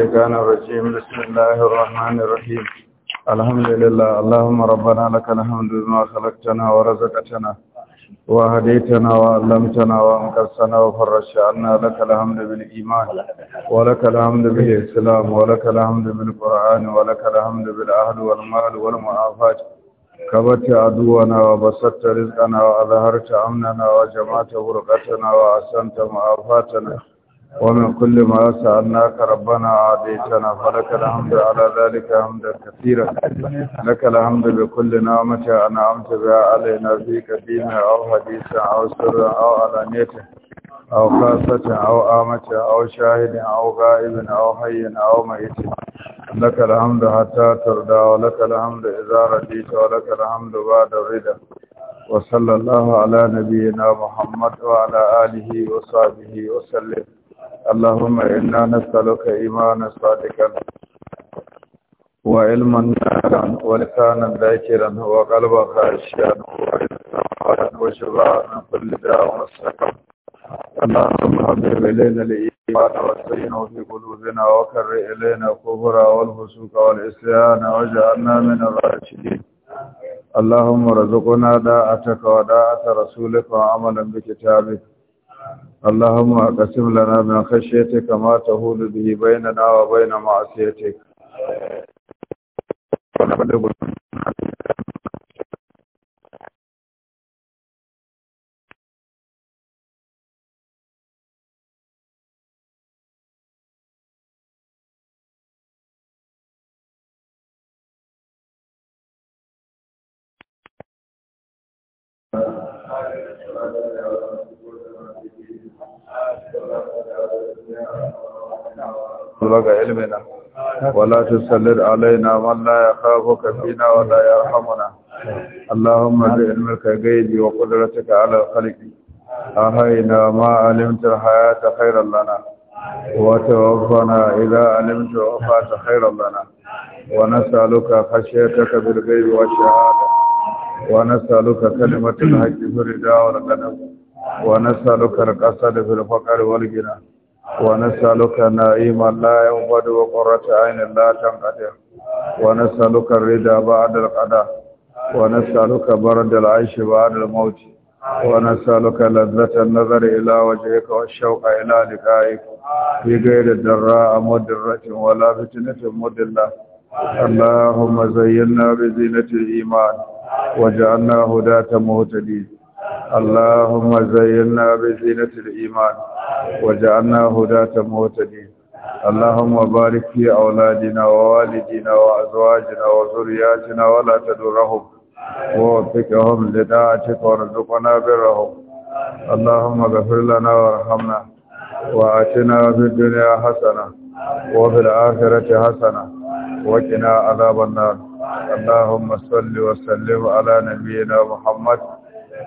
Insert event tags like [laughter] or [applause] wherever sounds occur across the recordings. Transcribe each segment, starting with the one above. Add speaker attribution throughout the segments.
Speaker 1: الشيطان الرجيم بسم الله الرحمن الرحيم الحمد لله اللهم ربنا لك الحمد بما خلقتنا ورزقتنا وهديتنا وعلمتنا وانقذتنا وفرجت لك الحمد بالايمان ولك الحمد بالاسلام ولك الحمد بالقران ولك الحمد بالاهل والمال والمعافاه كبت عدونا وبسطت رزقنا وأظهرت أمننا وجمعت برقتنا وأحسنت معافاتنا ومن كل ما سألناك ربنا عاديتنا فلك الحمد على ذلك حمدا كثيرا لك الحمد بكل نعمة أنعمت بها علينا في قديمة أو حديثة أو سر أو علانية أو خاصة أو آمة أو شاهد أو غائب أو حي أو ميت لك الحمد حتى ترضى ولك الحمد إذا رديت ولك الحمد بعد الرضا وصلى الله على نبينا محمد وعلى آله وصحبه وسلم اللهم إنا نسألك إيمانا صادقا وعلما نافعا ولسانا ذاكرا وقلبا خاشعا ورزقا وشفاعا من كل داء وسقم اللهم حبب إلينا الإيمان وزينه في قلوبنا وكر إلينا الكفر والفسوق والعصيان واجعلنا من الراشدين اللهم ارزقنا داءتك وداءة رسولك وعملا بكتابك اللهم اقسم لنا من خشيتك ما تهول به بيننا وبين معصيتك Thank you. بلغ علمنا ولا تسلل علينا ولا يخافك فينا ولا يرحمنا اللهم بعلمك غيبي وقدرتك على الخلق أهينا ما علمت الحياة خيرا لنا وتوفنا إذا علمت وفاة خيرا لنا ونسألك خشيتك بالغيب والشهادة ونسألك كلمة الحج في الرداء والقدم ونسألك القصد في الفقر والجنة ونسألك نعيما لا ينفد وقرة عين لا تنقدر ونسألك الرضا بعد القضاء ونسألك برد العيش بعد الموت ونسألك لذة النظر إلى وجهك والشوق إلى لقائك في غير الدراء مدرة ولا فتنة مدلة اللهم زينا بزينة الإيمان وجعلنا هداة مهتدين اللهم زينا بزينة الإيمان وجعلنا هداة مهتدين اللهم بارك في أولادنا ووالدينا وأزواجنا وذرياتنا ولا تدرهم ووفقهم لداعتك وارزقنا برهم اللهم اغفر لنا وارحمنا وآتنا في الدنيا حسنة وفي الآخرة حسنة وقنا عذاب النار اللهم صل وسلم على نبينا محمد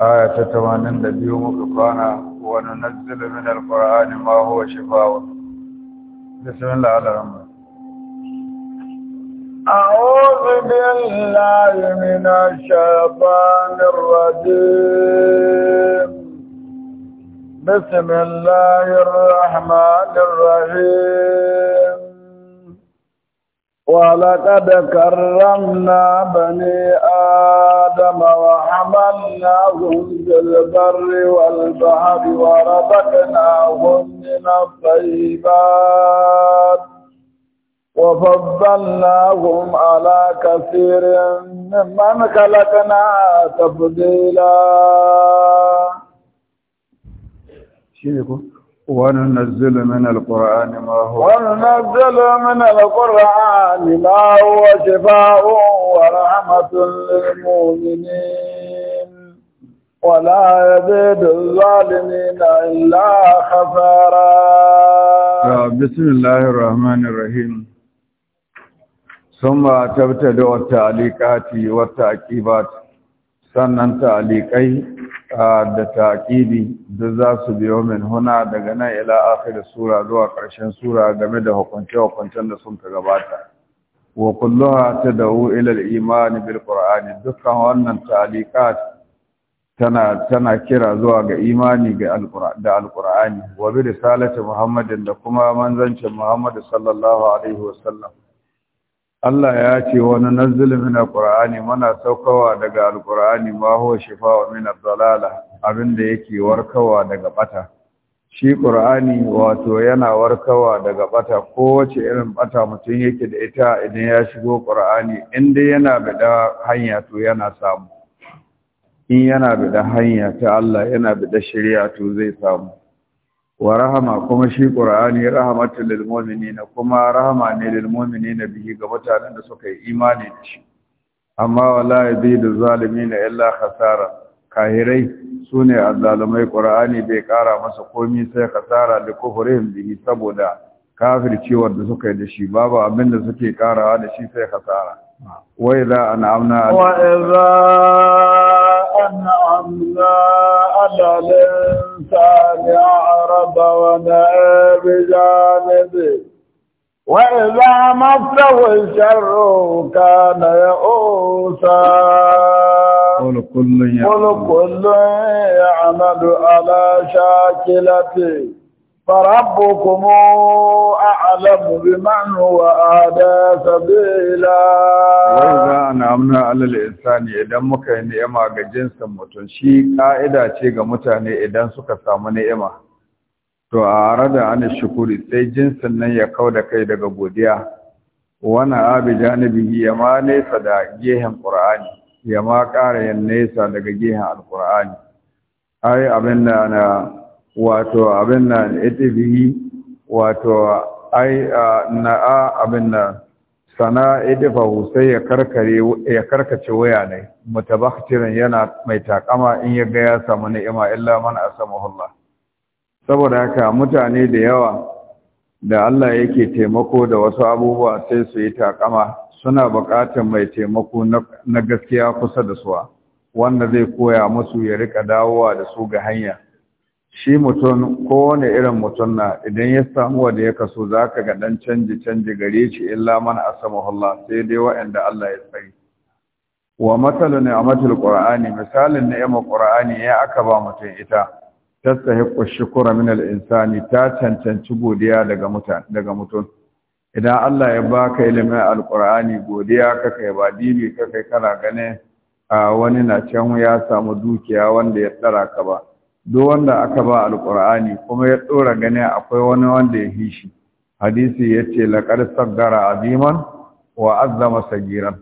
Speaker 1: aya ta tamanin da biyu muka kwana wani nazzila min alkur'ani ma huwa shifawa bismillah alhamdulillah
Speaker 2: أعوذ بالله من الشيطان الرجيم بسم الله الرحمن الرحيم ولقد كرمنا بني آدم وحملناهم في البر والبحر ورزقناهم من الطيبات وفضلناهم على كثير ممن خلقنا تفضيلا
Speaker 1: شيء وننزل من القرآن ما هو
Speaker 2: وننزل من القرآن ما هو شفاء ورحمة للمؤمنين ولا يزيد الظالمين إلا خسارا
Speaker 1: آه، بسم الله الرحمن الرحيم ثم تبتدئ التعليقات والتعقيبات سنن تعليقي da taƙibi duk za su biyo min huna daga nan ila akhir sura zuwa ƙarshen sura game da hukunce-hukuncen da sun ka gabata wa kulluha tad'u ila al-iman bil qur'ani dukkan wannan ta'liqat tana tana kira zuwa ga imani ga al-qur'ani da al-qur'ani wa bi risalati muhammadin da kuma manzancin muhammad sallallahu alaihi wasallam Allah ya ce wani nazzil min alqur'ani muna saukawa daga alqur'ani ma huwa shifaa min ad-dalala abinda yake warkawa daga bata shi qur'ani wato yana warkawa daga bata kowace irin bata mutum yake da ita idan ya shigo qur'ani inda yana bada hanya to yana samu in yana bada hanya ta Allah yana bada shari'a to zai samu wa rahama kuma shi qur'ani rahmatul lil mu'minina kuma rahama ne lil mu'minina bihi ga mutanen da suka yi imani da shi amma wala zalumi na illa khasara kahirai sune azzalumai qur'ani bai kara masa komi sai khasara da kufrihim bihi saboda kafircewar da suka yi da shi babu abin da suke karawa da shi sai khasara
Speaker 2: ضونها بجانبه وإذا مسه الشر كان يؤوسا قل كل يعمل على شاكلته فربكم أعلم بمن هو أهدى سبيلا وإذا
Speaker 1: أنعمنا على الإنسان إذا مكا إما جنس متنشي قائدة تيغا إذا نئدان سكا إما to a rada ana shukuri sai jinsin nan ya kau da kai daga godiya wani abi janibihi ya ma nesa da gehen ƙur'ani ya ma ƙara yin nesa daga gehen alƙur'ani ai abin da na wato abin da itibihi wato ai abin da sana fa sai ya karkare ya karkace waya ne mutabakhiran yana mai takama in ya ga ya samu ni'ima illa man asamahu Allah saboda haka mutane da yawa da Allah yake taimako da wasu abubuwa sai su yi takama suna buƙatar mai taimako na gaskiya kusa da suwa wanda zai koya musu ya rika dawowa da su ga hanya shi mutum kowane irin mutum na idan ya samu wanda ya kaso za ka ga ɗan canji canji gare shi illa man hulla, sai dai wa'anda Allah ya tsari wa matsalu ne a qur'ani misalin yamma qur'ani ya aka ba mutum ita tastahiqqu shukura min al-insani ta cancanci godiya daga mutane daga mutum idan Allah ya baka ilimin al-Qur'ani godiya ka ba dibi ka kai kana gane a wani na can ya samu dukiya wanda ya tsara ka ba duk wanda aka ba al-Qur'ani kuma ya dora gane akwai wani wanda ya hishi hadisi yace laqad saggara aziman wa azzama sagiran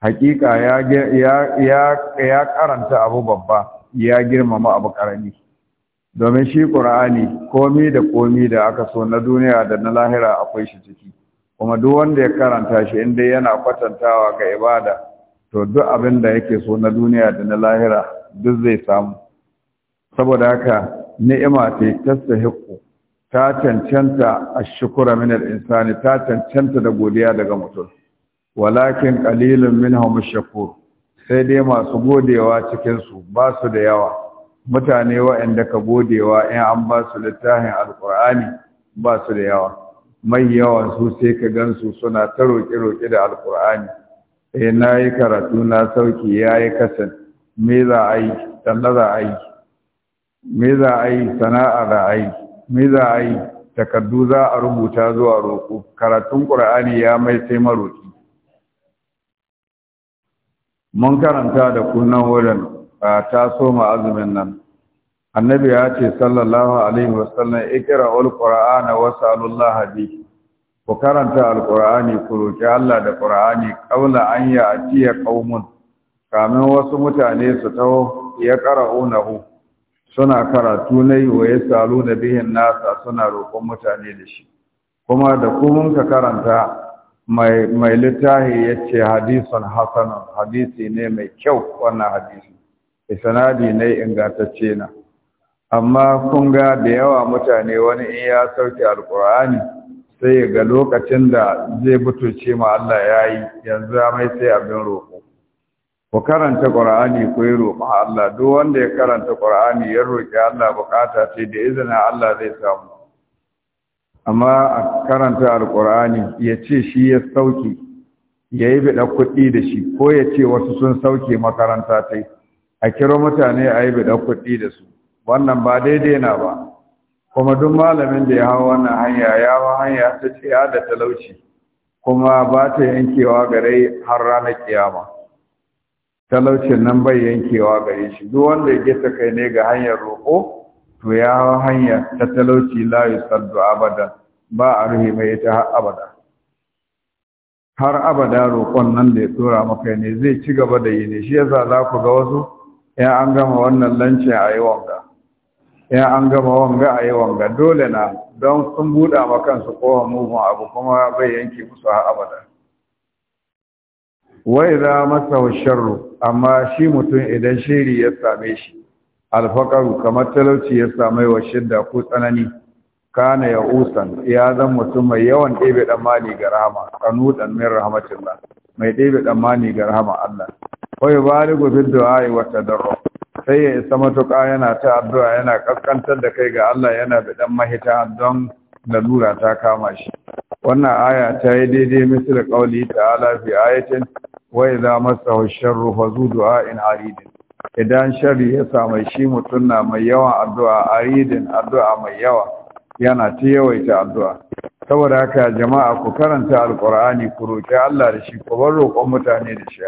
Speaker 1: hakika ya ya ya karanta abu babba ya girmama abu karami domin shi ƙur'ani komi da komi da aka so na duniya da na lahira akwai shi ciki kuma duk wanda ya karanta shi inda yana kwatantawa ga ibada to duk abin da yake so na duniya da na lahira duk zai samu saboda haka ni'ima ce ta sahiqu ta cancanta ashkura min al-insani ta cancanta da godiya daga mutum walakin qalilun minhum ash-shakur sai dai masu godewa cikin su ba su da yawa mutane waɗanda ka godewa in an ba su littafin alkur'ani ba su da yawa mai yawan su sai ka gansu suna ta roƙe-roƙe da alkur'ani eh na yi karatu na sauki ya yi kasan me za a yi talla za a yi me za a yi sana'a za a yi me za a yi takardu za a rubuta zuwa roƙo karatun ƙur'ani ya mai sai maroƙi mun karanta da kunan wurin ta soma azumin nan annabi ya ce sallallahu alaihi wasallam iqra'ul wa was'alullaha bi ku karanta alqur'ani ku roki Allah da qur'ani qawla an atiya qaumun kamin wasu mutane su taho ya nahu suna karatu nayi wa yasaluna bihin nasa suna roƙon mutane da shi kuma da kumun ka karanta mai littahi ya ce hadisun hadisi ne mai kyau wannan hadisi isanadi ne ingantacce na amma kun ga da yawa mutane wani in ya sauke alkur'ani sai ga lokacin da zai butuce ma Allah ya yi, yanzu mai sai abin roƙo ku karanta ƙur'ani ku yi roƙo Allah duk wanda ya karanta ƙur'ani, ya roƙi Allah bukata ce da izinin Allah zai samu amma a karanta alkur'ani ya ce shi ya sauke ya yi biɗa kuɗi da shi ko ya ce wasu sun sauke makaranta ta yi a kiro mutane a yi bidan kuɗi da su wannan ba daidai na ba kuma duk malamin da ya hau wannan hanya ya hau hanya ta ce ya da talauci kuma ba ta yankewa gare har ranar kiyama talaucin nan bai yankewa gare shi duk wanda ya gita kai ne ga hanyar roƙo to ya hau hanya ta talauci la sardu abadan ba a ruhi mai ita har abada har abada roƙon nan da ya tura maka ne zai ci gaba da yi ne shi yasa za ku ga wasu ya an gama wannan lancin a yi wanga ya an gama wanga a yi wanga dole na don sun buɗa ma kansu kowa mugun abu kuma bai yanki musu a abada wai za masa sharru amma shi mutum idan shiri ya same shi alfakaru kamar talauci ya same wa shidda ko tsanani kana ya usan ya zan mutum mai yawan ɗebe ɗan mani ga rahama ɗan min rahmatillah mai ɗebe ɗan mani ga rahama Allah wai baligu bid du'a wata tadarru sai ya isa matuƙa yana ta addu'a yana kaskantar da kai ga Allah yana bidan mahita don lalura ta kama shi wannan aya ta yi daidai misal qauli ta'ala fi ayatin wa idza massahu sharru du'a du'a'in arid idan sharri ya samu shi mutun na mai yawan addu'a aridin addu'a mai yawa yana ta yawaita addu'a saboda haka jama'a ku karanta alkur'ani ku roki Allah da shi ku bar roƙon mutane da shi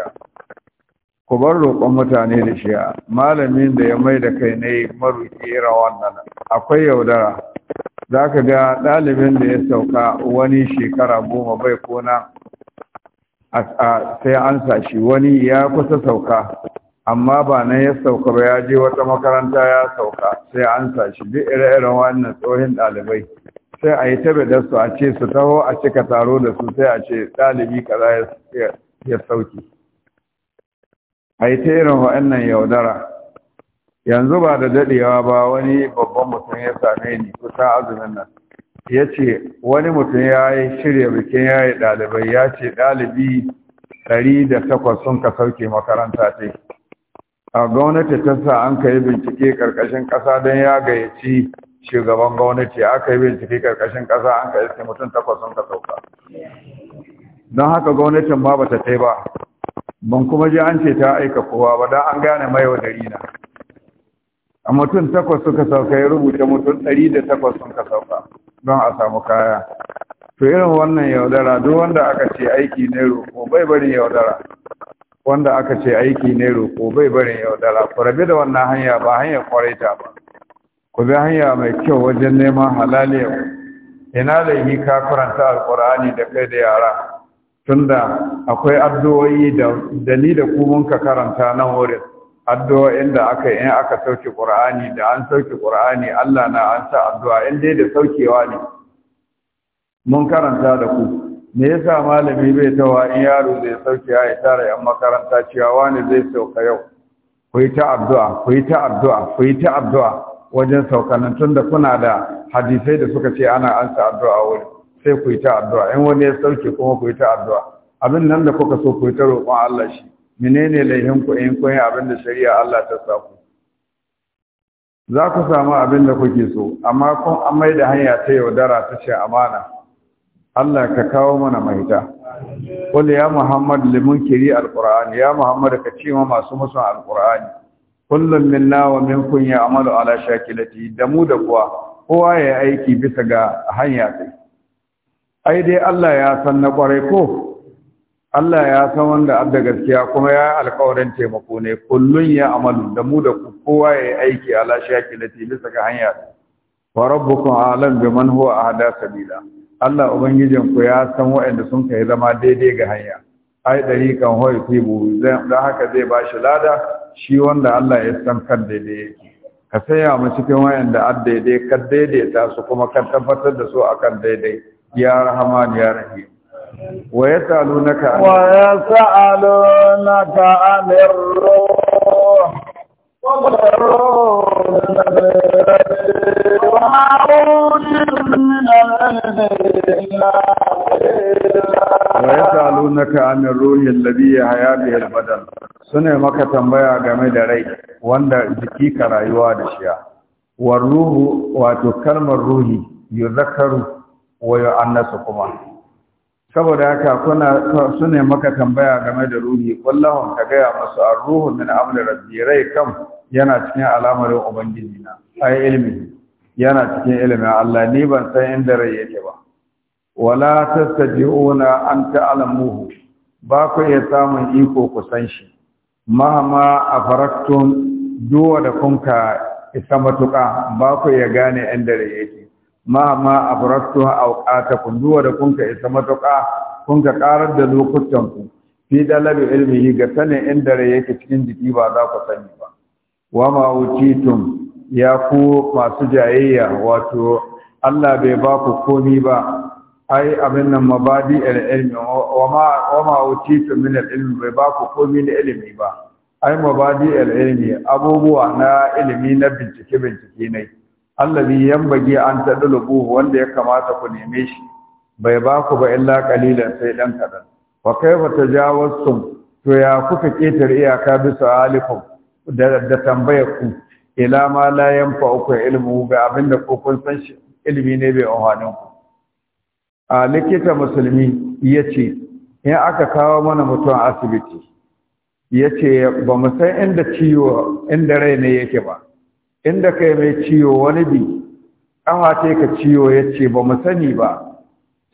Speaker 1: ku bar roƙon mutane da shiya malamin da ya mai da kai ne maruƙi ira wannan akwai yaudara za ka ga ɗalibin da ya sauka wani shekara goma bai kona sai an shi wani ya kusa sauka amma ba nan ya sauka ba ya je wata makaranta ya sauka sai an shi duk ire-iren wannan tsohin ɗalibai sai a yi tabe da su a ce su taho a cika taro da su sai a ce ɗalibi kaza ya sauki a yi wa'annan yaudara yanzu ba da daɗewa ba wani babban mutum ya same ni kusa azumin nan ya ce wani mutum ya yi shirya bikin ya yi ɗalibai ya ce ɗalibi ɗari da takwas sun ka sauke makaranta ce a gwamnati ta sa an ka bincike ƙarƙashin ƙasa don ya gayyaci shugaban gwamnati aka yi bincike ƙarƙashin ƙasa an ka mutum takwas sun ka sauka don haka gwamnatin ma ba ta ba ban kuma ji an ce ta aika kowa ba dan an gane mai wa dari na a mutum takwas suka sauka ya rubuta mutum ɗari da takwas sun ka sauka don a samu kaya to irin wannan yaudara duk wanda aka ce aiki ne roƙo bai barin yaudara wanda aka ce aiki ne roƙo bai barin yaudara ku rabe da wannan hanya ba hanyar kwaraita ba ku bi hanya mai kyau wajen neman halaliyar ina yi ka karanta Alƙur'ani da kai da yara tunda akwai addu'o'i da dani da ku mun ka karanta nan wurin addu'o'in da aka yi in aka sauke qur'ani da an sauke qur'ani Allah na an sa addu'a in dai da saukewa ne mun karanta da ku me yasa malami bai tawa in yaro zai sauke ya tara yan makaranta cewa wani zai sauka yau ku yi ta addu'a ku yi ta addu'a ku yi ta addu'a wajen saukanin tunda kuna da hadisai da suka ce ana ansa addu'a wurin sai ku yi ta addu'a in wani ya sauke kuma ku yi ta addu'a abin nan da kuka so ku yi ta roƙon Allah shi menene laihin ku in kun yi abin da shari'a Allah ta sa ku za ku samu abin da kuke so amma kun an mai da hanya ta yaudara ta ce amana Allah ka kawo mana mahita qul ya muhammad limunkiri alquran ya muhammad ka ce ma masu musu alquran kullum minna wa minkum ya'malu ala shakilati da mu da kuwa kowa ya aiki bisa ga hanya sai ai dai Allah ya san na kwarai ko Allah ya san wanda adda gaskiya kuma ya alƙawarin taimako ne kullun ya amalu da mu da ku kowa ya aiki ala lati bisa ga hanya wa rabbukum alam man huwa ahda sabila Allah ubangijin ku ya san wayanda sun kai zama daidai ga hanya ai dariqan hoyi tibu dan haka zai bashi lada shi wanda Allah ya san kan daidai yake ka saya mu cikin waɗanda adda daidai daidaita su kuma ka tabbatar da su akan daidai ya rahman ya rahim wa yasalunaka wa yasalunaka anir ruh ويسألونك عن الروح الذي به البدن sune maka tambaya game da rai wanda jiki ka rayuwa da shiya wa ruhu wato kalmar ruhi yuzakaru wayo annasu kuma saboda haka kuna su ne maka tambaya game da ruhi wallahu ka gaya masu a ruhu min amri rabbi rai kam yana cikin al'amarin ubangiji na ai ilmi yana cikin ilimin Allah ni ban san inda rai yake ba wala tastaji'una an ta'lamuhu ba ku iya samun iko ku san shi mahama afaraktum duwa da kunka isa matuƙa ba ku iya gane inda rai yake ma ma abrattu kun duwa da kunka isa matuƙa kunka karar da lokutan ku fi dalabi ilmihi ga sanin inda rai yake cikin jiki ba za ku sani ba wa ma utitum ya ku masu jayayya wato Allah bai ba ku komi ba ai abin nan mabadi al-ilmi wa ma wa ma utitum min al-ilmi bai ba ku komi na ilimi ba ai mabadi al-ilmi abubuwa na ilimi na bincike bincike ne allazi yambagi an tadlubu wanda ya kamata ku neme shi bai ba ku ba illa qalilan sai dan kadan wa kaifa tajawaztum to ya kuka ketar iyaka bisa alikum da da tambayar ku ila ma la ku ilmu ga abinda ku kun san shi ilimi ne bai ohanin ku a likita musulmi yace in aka kawo mana mutum asibiti yace ba mu san inda ciwo inda rai ne yake ba inda kai mai ciwo wani bi ƙafa ce ka ciwo ya ce ba mu sani ba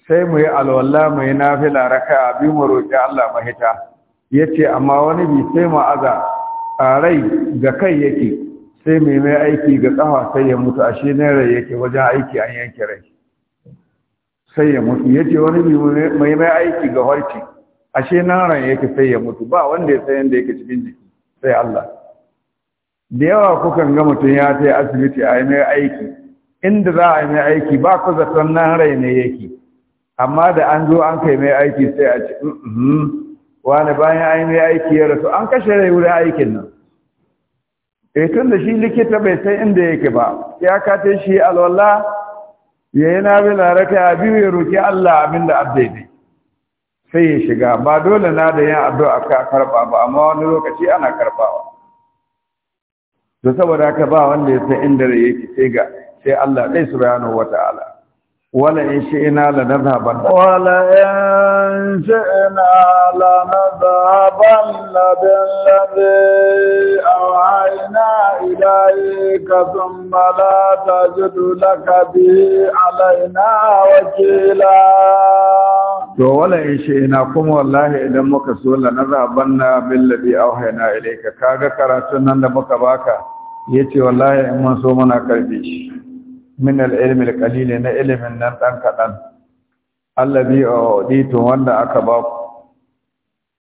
Speaker 1: sai mu yi alwallah mu yi nafila raka bi mu roƙi Allah mahita ya ce amma wani bi sai mu aza a rai ga kai yake sai mai mai aiki ga ƙafa sai ya mutu ashe na rai yake wajen aiki an yanke rai sai ya mutu ya ce wani bi mai mai aiki ga harci ashe na rai yake sai ya mutu ba wanda ya sayan da yake cikin jiki sai Allah da yawa kukan ga mutum ya ta asibiti a yi mai aiki inda za a yi mai aiki ba ku zaton nan rai ne yake amma da an zo an kai mai aiki sai a ce wani bayan an yi mai aiki ya rasu an kashe rai wurin aikin nan e tun da shi likita bai san inda yake ba ya kace shi alwala ya yi na bi laraka ya biyu ya roki Allah abin da abdaidai sai ya shiga ba dole na da yin addu'a ka karba ba amma wani lokaci ana karbawa da saboda haka ba wanda ya san inda da yake sai ga sai Allah dai subhanahu wataala wala in ina la nadhhaban
Speaker 2: wala in ina la nadhhaban billadhi awhayna ilayka thumma la tajidu laka bi alayna wakila
Speaker 1: to wala in ina kuma wallahi idan muka so la nazabanna billadhi auhayna ilayka kaga karatun nan da muka baka yace wallahi in mun so muna karbi shi min al-ilmi al-qalil na ilimin nan dan kadan alladhi auditu wanda aka ba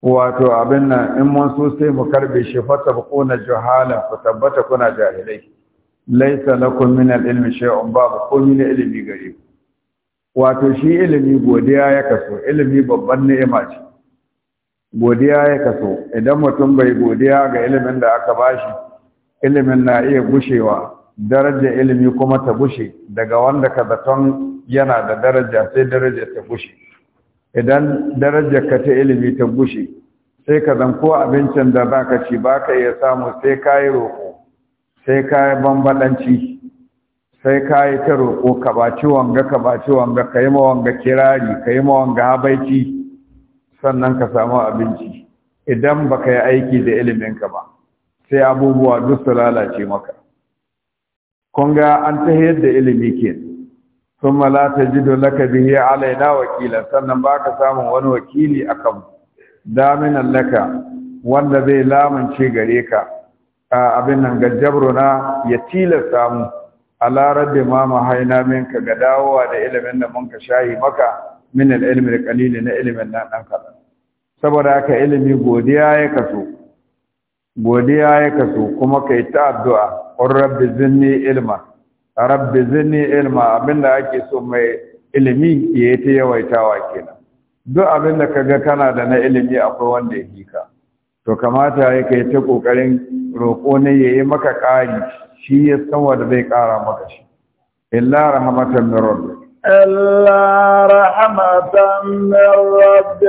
Speaker 1: ku wato abin nan in mun so sai mu karbe shi tabquna juhala ku tabbata kuna jahilai laysa lakum min al-ilmi shay'un babu komai na ilimi gari ku wato shi ilimi godiya ya kaso ilimi babban ni'ima ce godiya ya kaso idan mutum bai godiya ga ilimin da aka bashi ilimin na iya gushewa daraja ilimi kuma ta gushe daga wanda kazaton yana da daraja sai daraja ta gushe idan darajar ka ta ilimi ta gushe sai ka zan ko abincin da za ka ci baka iya samu sai ka yi roƙo sai ka yi bambaɗanci sai ka yi ta roƙo ka baci wanga ka baci wanga ka yi ma wanga kirari ka yi ma wanga habaici sannan ka samu abinci idan ba ka yi aiki da ilimin ka ba sai abubuwa duk su lalace maka kun ga an ta da ilimi ke sun malata jido laka biye alaina wakila sannan ba ka samun wani wakili a kan daminan laka wanda zai lamance gare ka abin nan gajabro na ya tilasta mu a larar ma mahaina minka ga dawowa da ilimin da mun ka shayi maka min al-ilmi na ilimin nan dan kaɗan saboda haka ilimi godiya ya kaso godiya ya kaso kuma kai ta addu'a qur rabbi zinni ilma rabbi zinni ilma abinda ake so mai ilimi ya ta yawaitawa kenan duk abinda ga kana da na ilimi akwai wanda ya ka, to kamata ya kai ta kokarin roƙo ne yayi maka ƙari shi ya san wanda zai ƙara maka shi illa rahmatan min rabbik
Speaker 2: illa rahmatan min rabbik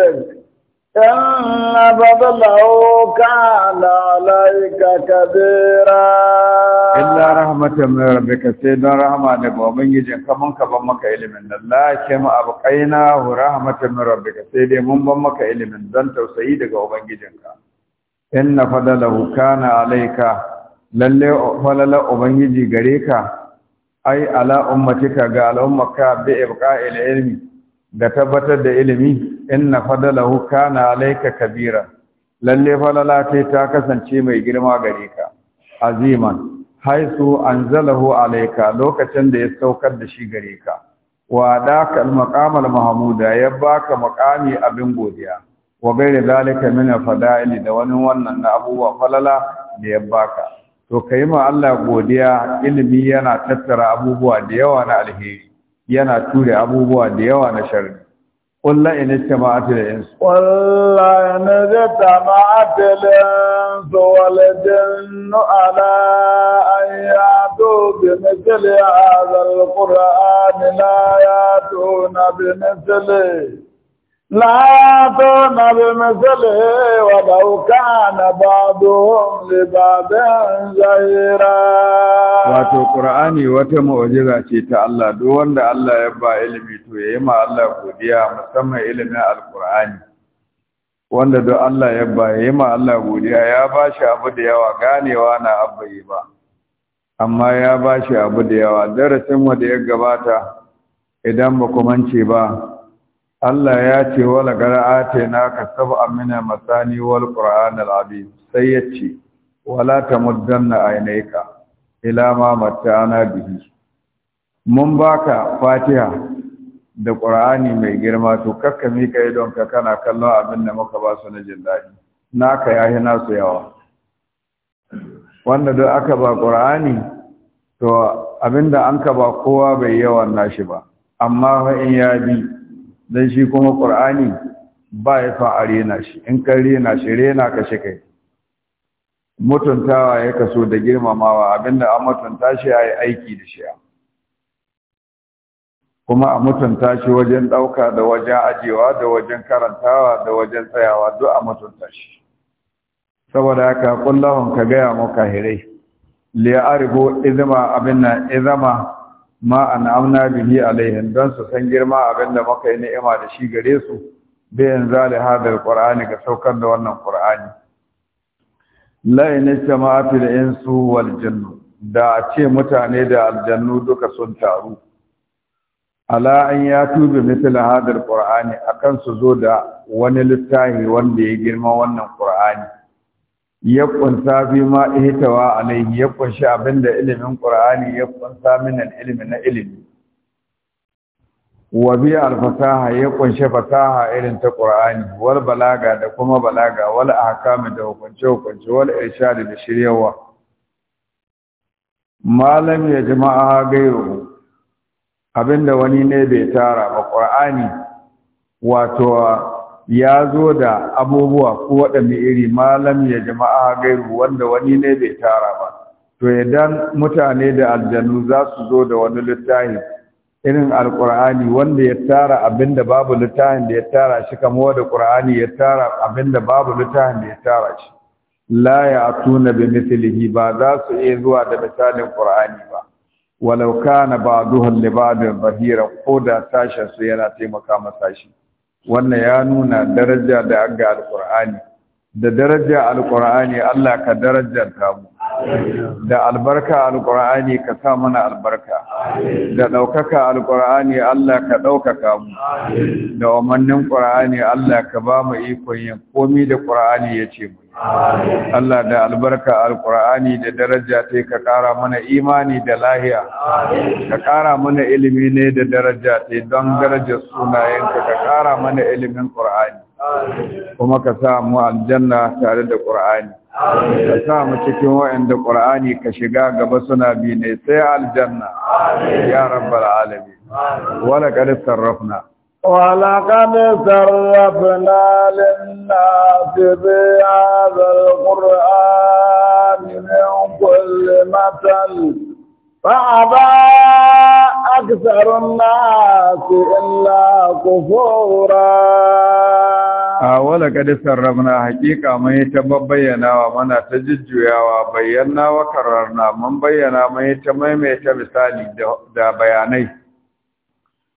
Speaker 2: illa badalahu kana alayka kabira
Speaker 1: illa rahmatan min rabbika sai don rahama ne ba mun yi jinka mun ka ban maka ilimin nan la ke mu abqaina wa rahmatan min rabbika sai dai mun ban maka ilimin dan tausayi daga ubangijinka inna fadalahu kana alaika. lalle falala ubangiji gare ka ai ala ummatika ga al'ummaka bi ila ilmi da tabbatar da ilimi inna fadalahu kana alayka kabira lalle falala ce ta kasance mai girma gare ka aziman haisu anzalahu alayka lokacin da ya saukar da shi gare ka wa daka al mahmuda ya baka maqami abin godiya wa gaira zalika min fada'ili da wani wannan na abubuwa falala da ya baka to ka yi Allah godiya ilimi yana tattara abubuwa da yawa na alheri yana ture abubuwa da yawa na shari'a. ƙulla ina jama'atul ins
Speaker 2: ƙulla ina jama'atul ins wal jinn ala an yatu bi mithli hadha al-qur'an ya yatuna bi mithli bi يأتون wa na babu zahira.
Speaker 1: wato qur'ani wata mu'jiza ce ta Allah duk wanda Allah ya ba ilimi to yayi ma Allah godiya musamman ilimin alqur'ani wanda duk Allah ya ba yayi ma Allah godiya ya ba shi abu da yawa ganewa na abbai ba amma ya ba shi abu da yawa darasin da ya gabata idan ba ce ba Allah ya ce wala gara'ate na ka saba amina masani wal qur'an al sai ya ce wala na aynaika ila ma na bihi mun baka fatiha da ƙur'ani mai girma to kakka mi yi don ka kana kallon abin da muka ba su na jin daɗi ya yahi nasu yawa wanda duk aka ba ƙura'ani? to abin da an ka ba kowa bai yawan nashi ba amma in ya bi don shi kuma ƙur'ani ba ya fa a rena shi in kan rena shi rena ka shi kai mutuntawa ya kaso da girmamawa abinda a mutunta shi a aiki da shi kuma a mutunta shi wajen ɗauka da wajen ajewa da wajen karantawa da wajen tsayawa duk a mutunta shi saboda haka kullahun ka gaya muka kahirai liya aribo izama abin nan izama ma an'amna bihi alaihim don su san girma abinda muka yi ni'ima da shi gare su bayan zali hadal qur'ani ga saukar da wannan qur'ani la in jama'atu da insu wal jinnu da a ce mutane da aljannu duka sun taru ala an ya tubi mithla hadal qur'ani akan su zo da wani littafi wanda ya girma wannan qur'ani ya kunsa fi ma ihtawa alaihi ya kunshi abinda ilimin qur'ani ya kunsa min ilimi na ilimi wa bi al-fasaha ya kunshi fasaha irin ta qur'ani wal balaga da kuma balaga wal ahkam da hukunce hukunce wal irshad da shiryawa malam ya jama'a gairu abinda wani ne bai tara ba qur'ani wato ya zo da abubuwa ko waɗanne iri malam ya jama'a gairu wanda wani ne bai tara ba to idan mutane da aljanu za su zo da wani littafi irin alkur'ani wanda ya tara abinda babu littafin da ya tara shi kamar wanda qur'ani ya tara abinda babu littafin da ya tara shi la ya'tuna bi mithlihi ba za su iya zuwa da misalin qur'ani ba walau kana ba'duhu li ba'din zahira ko da sashen su yana taimaka masa shi wannan ya nuna daraja da aga Alƙur'ani, da daraja Alƙur'ani Allah ka darajar ta mu da albarka Alƙur'ani ka sa mana albarka da ɗaukaka Alƙur'ani Allah ka ɗaukaka mu da umannin ƙur'ani Allah ka ba mu ikon yin komai da qur'ani ce mu Allah da albarka Alƙur'ani da daraja ta ka kara mana imani da lahiya ka ƙara mana ilimi ne da daraja ta don daraja sunayenka ka kara mana ilimin ƙur'ani. kuma ka sa mu aljanna tare da ƙur'ani. ka sa mu cikin wa'anda qur'ani ka shiga gaba suna bi ne sai aljanna ya rabbal alamin wala qad sarrafna
Speaker 2: ولقد صرفنا للناس في هذا القرآن أكثر الناس إلا كفورا
Speaker 1: a wala kadi sarrafna hakika mai ta bayyanawa mana ta jujjuyawa bayyana wa kararna mun bayyana mai ta maimaita misali da bayanai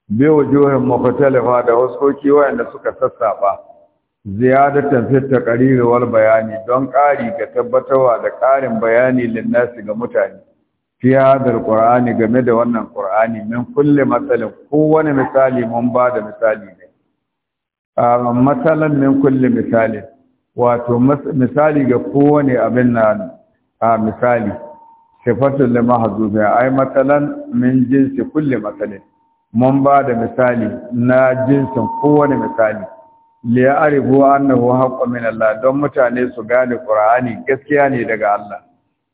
Speaker 1: bi wujuhin mukhtalifa da huskoki wayanda suka sassaɓa, ziyadatan fi taqrir wal bayani don ƙari ga tabbatarwa da ƙarin bayani linnasi ga mutane fi hadal qur'ani game da wannan qur'ani min kulli matsalin kowane misali mun ba da misali Ah, matsalan min kulli misali wato misali ga kowane abin na a misali sifatun da a ai matsalan min jinsi kulli matsalin mun ba da misali na jinsin kowane misali liya arifu annahu haƙƙo min Allah don mutane su gane ƙur'ani gaskiya ne daga Allah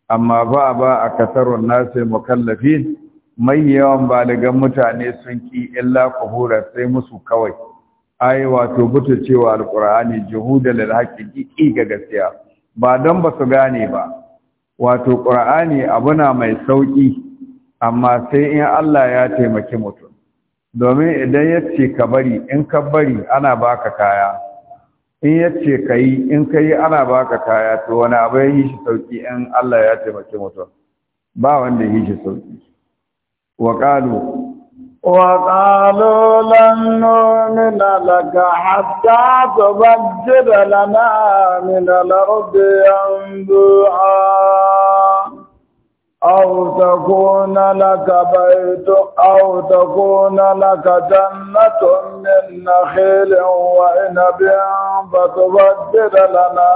Speaker 1: amma ba ba a kasarun nasu mukallafin mai yawan baligan mutane sun ƙi illa kuhura sai musu kawai ai wato cewa alqur'ani juhuda lil haqiqi ga gaskiya ba dan ba su gane ba wato qur'ani abuna mai sauki amma sai in Allah ya taimaki mutum domin idan yace ka bari in ka bari ana baka kaya in yace kai in kai ana baka kaya to wani abu ya yi shi sauki in Allah ya taimaki mutum ba wanda yi shi sauki wa qalu
Speaker 2: وقالوا لن نؤمن لك حتى تفجر لنا من الأرض ينبوعا أو تكون لك بيت أو تكون لك جنة من نخيل وعنب فتبدل لنا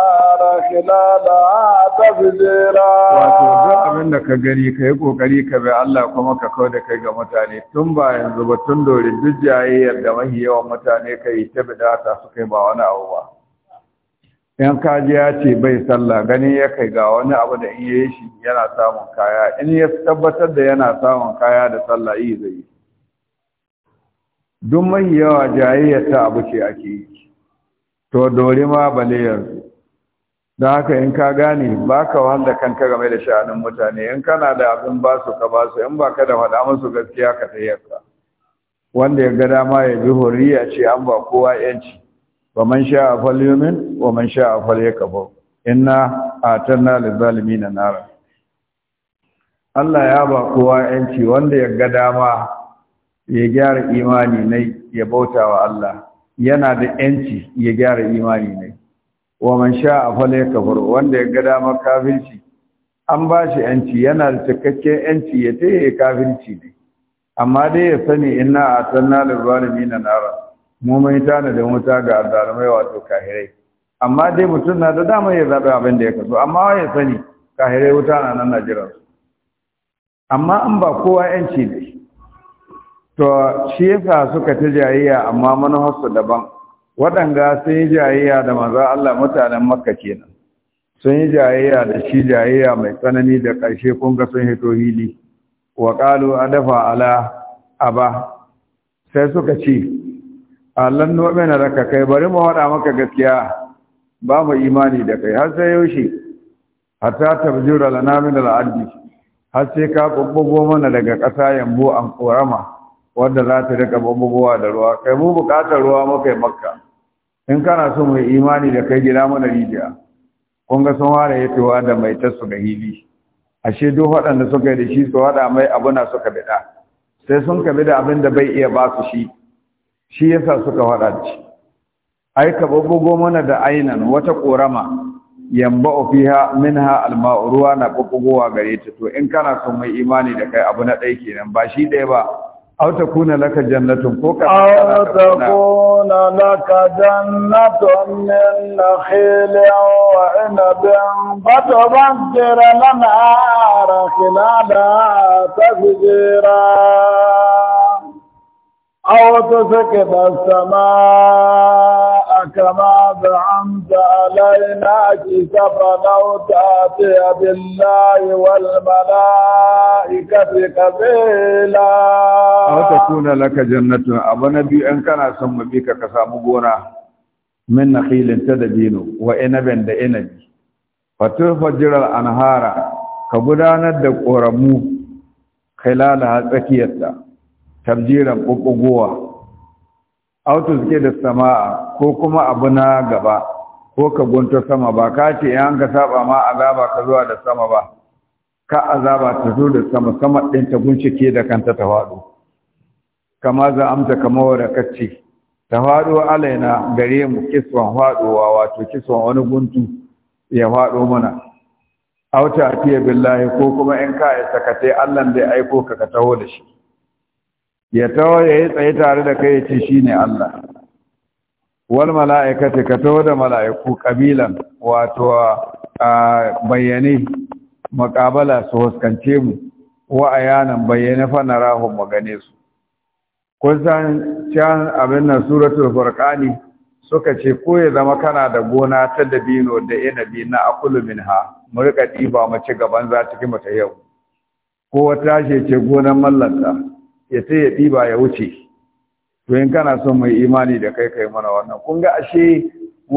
Speaker 2: خلالها تفجيرا
Speaker 1: wato duk abin da ka gani kayi yi kokari ka bai Allah kuma ka kauda kai ga mutane tun ba yanzu ba tun dore duk jayayyar da mahi mutane ka yi ta bida ta su kai ba wani abu ba in kaji ya ce bai sallah gani ya kai ga wani abu da in yi shi yana samun kaya in ya tabbatar da yana samun kaya da sallah yi zai yi duk mai yawa jayayyar ta abu ce ake yi to dori ma bale yanzu da haka in ka gane ba ka wanda kanka game da sha'anin mutane in kana da abin ba su ka ba su in ba ka da faɗa musu gaskiya ka tayyarka wanda ya ga dama ya bi horiya ce an ba kowa yanci wa man sha'a falyumin wa man sha'a falyakfur inna atanna lizalimin nara Allah ya ba kowa yanci wanda ya ga dama ya gyara imani ne ya bauta wa Allah yana da yanci ya gyara imani ne wa man sha'a kafar wanda ya ga dama kafirci an ba shi yanci yana da cikakken yanci ya taya kafirci ne amma dai ya sani inna atanna lizalimin nara mu mai tana da wuta ga azalmai wato kahirai amma dai mutum na da dama ya zaɓi abin da ya kaso amma ya sani kahirai wuta na nan najeriya amma an ba kowa yanci ne shi to shi yasa suka ta jayayya amma manufarsu daban waɗanga sun yi jayayya da maza Allah mutanen makka kenan sun yi jayayya da shi jayayya mai tsanani da ƙarshe kun ga sun hito hili wa ƙalu adafa ala aba sai suka ce Allah nomena raka kai bari mu hada maka gaskiya ba mu imani da kai har sai yaushe hatta tabjura lana min al-ardi har sai ka bubbugo mana daga kasa yambo an korama wanda za ta rika bubbugowa da ruwa kai mu buƙatar ruwa muka makka in kana so mu imani da kai gida mana rijiya kun ga sun ware yato da mai tasu ga hili ashe duk waɗanda suka yi da shi su wada mai abuna suka bida sai sun kabi da abin da bai iya ba su shi shi yasa suka faɗa da shi ai ka mana da ainan wata ƙorama. yamba ofiha, minha alma'u ruwa na bubbugowa gare ta to in kana so mai imani da kai abu na ɗaya kenan ba shi ɗaya ba aw kuna laka jannatun ko ka aw kuna laka jannatun
Speaker 2: min nakhilin wa inabin fatubaddir lana khilada tafjira أو تسكب السماء كما دعمت علينا كسفا أو تأتي بالله والملائكة قبيلا
Speaker 1: أو تكون لك جنة أبو نبي أن كان أسمى بك بورا من نخيل تدبين وإنب دإنب فتفجر الأنهار كبدانا دقورمو خلالها تكيتها tabjiran ɓuɓɓugowa auto suke da sama'a ko kuma abu na gaba ko ka gunto sama ba ka ce in an ka saba ma azaba ka zuwa da sama ba ka azaba ta zo da sama sama ɗin ta guncike da kanta ta faɗo kama za amsa kama wadda kacce ta faɗo alaina gare mu kiswan faɗowa wato kiswan wani guntu ya faɗo mana auta fiye billahi ko kuma in ka isa ka allan da aiko ka ka taho da shi ya taho ya yi tsaye tare da kai ya ce shi ne Allah wal ce ka taho da mala'iku ƙabilan wato a bayyane makabala su huskance mu wa bayyane fa na rahun magane su kun san can abin nan suratul furkani suka ce ko ya zama kana da gona ta dabino da inabi na akulumin ha, mu ɗiba mu gaban za ta kima ta yau ko wata ce gonan mallanta ya ta ya ɗiba ya wuce to in kana son mai imani da kai kai mana wannan kun ga ashe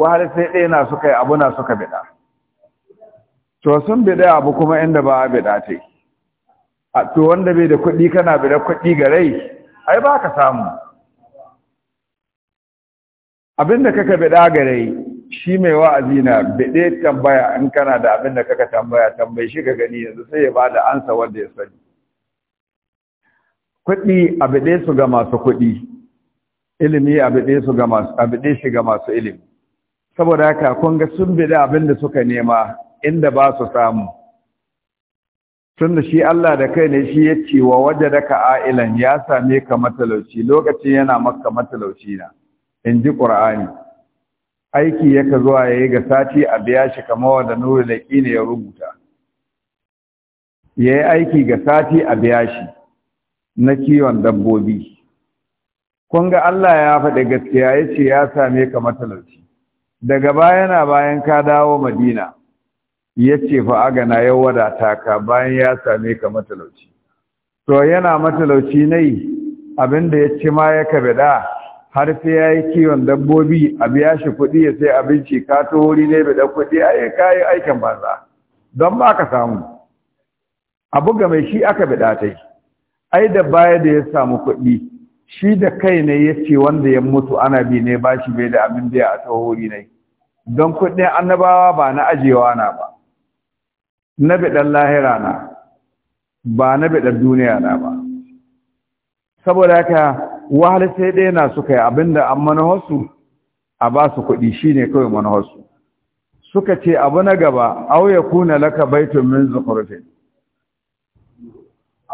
Speaker 1: har sai ɗaya na suka yi abu na suka biɗa to sun biɗa abu kuma inda ba a biɗa ta a to wanda bai da kuɗi kana biɗa kuɗi ga rai ai ba ka samu abin da kaka biɗa ga rai shi mai wa'azi na biɗe tambaya in kana da abin da kaka tambaya tambayi shi ka gani yanzu sai ya ba da ansa wanda ya sani kuɗi abide su ga masu kuɗi ilimi abide su ga masu shi ga masu ilimi saboda haka kun ga sun bi abin da suka nema inda ba su samu tunda shi Allah da kai ne shi ya ce wa daka ailan ya same ka matalauci lokacin yana maka matalauci na in ji ƙur'ani aiki yaka zuwa ya yi ga sati a biya shi kama wa da nuri da ya rubuta ya yi aiki ga sati a biya shi na kiwon dabbobi kun ga Allah ya faɗi gaskiya ya ce ya same ka matalauci daga bayana bayan ka dawo madina ya ce fa agana ya wadata ka bayan ya same ka matalauci to yana matalauci ne da ya ci ma ya kabeda har sai ya yi kiwon dabbobi a biya shi kuɗi ya sai abinci ka to wuri ne bai ɗan kuɗi a ka yi aikin banza don ba ka samu abu ga mai shi aka biɗa ta yi ai da baya da ya samu kuɗi shi da kai ne ya ce wanda ya mutu ana bi ne ba shi bai da abin biya a tsohori ne don kuɗin annabawa ba na ajewa na ba na biɗan lahira na ba na biɗan duniya na ba saboda haka wahal sai ɗaya na suka yi abin da an manaharsu a ba su kuɗi shi ne kawai manaharsu suka ce abu na gaba auya kuna laka baitun min zukurfin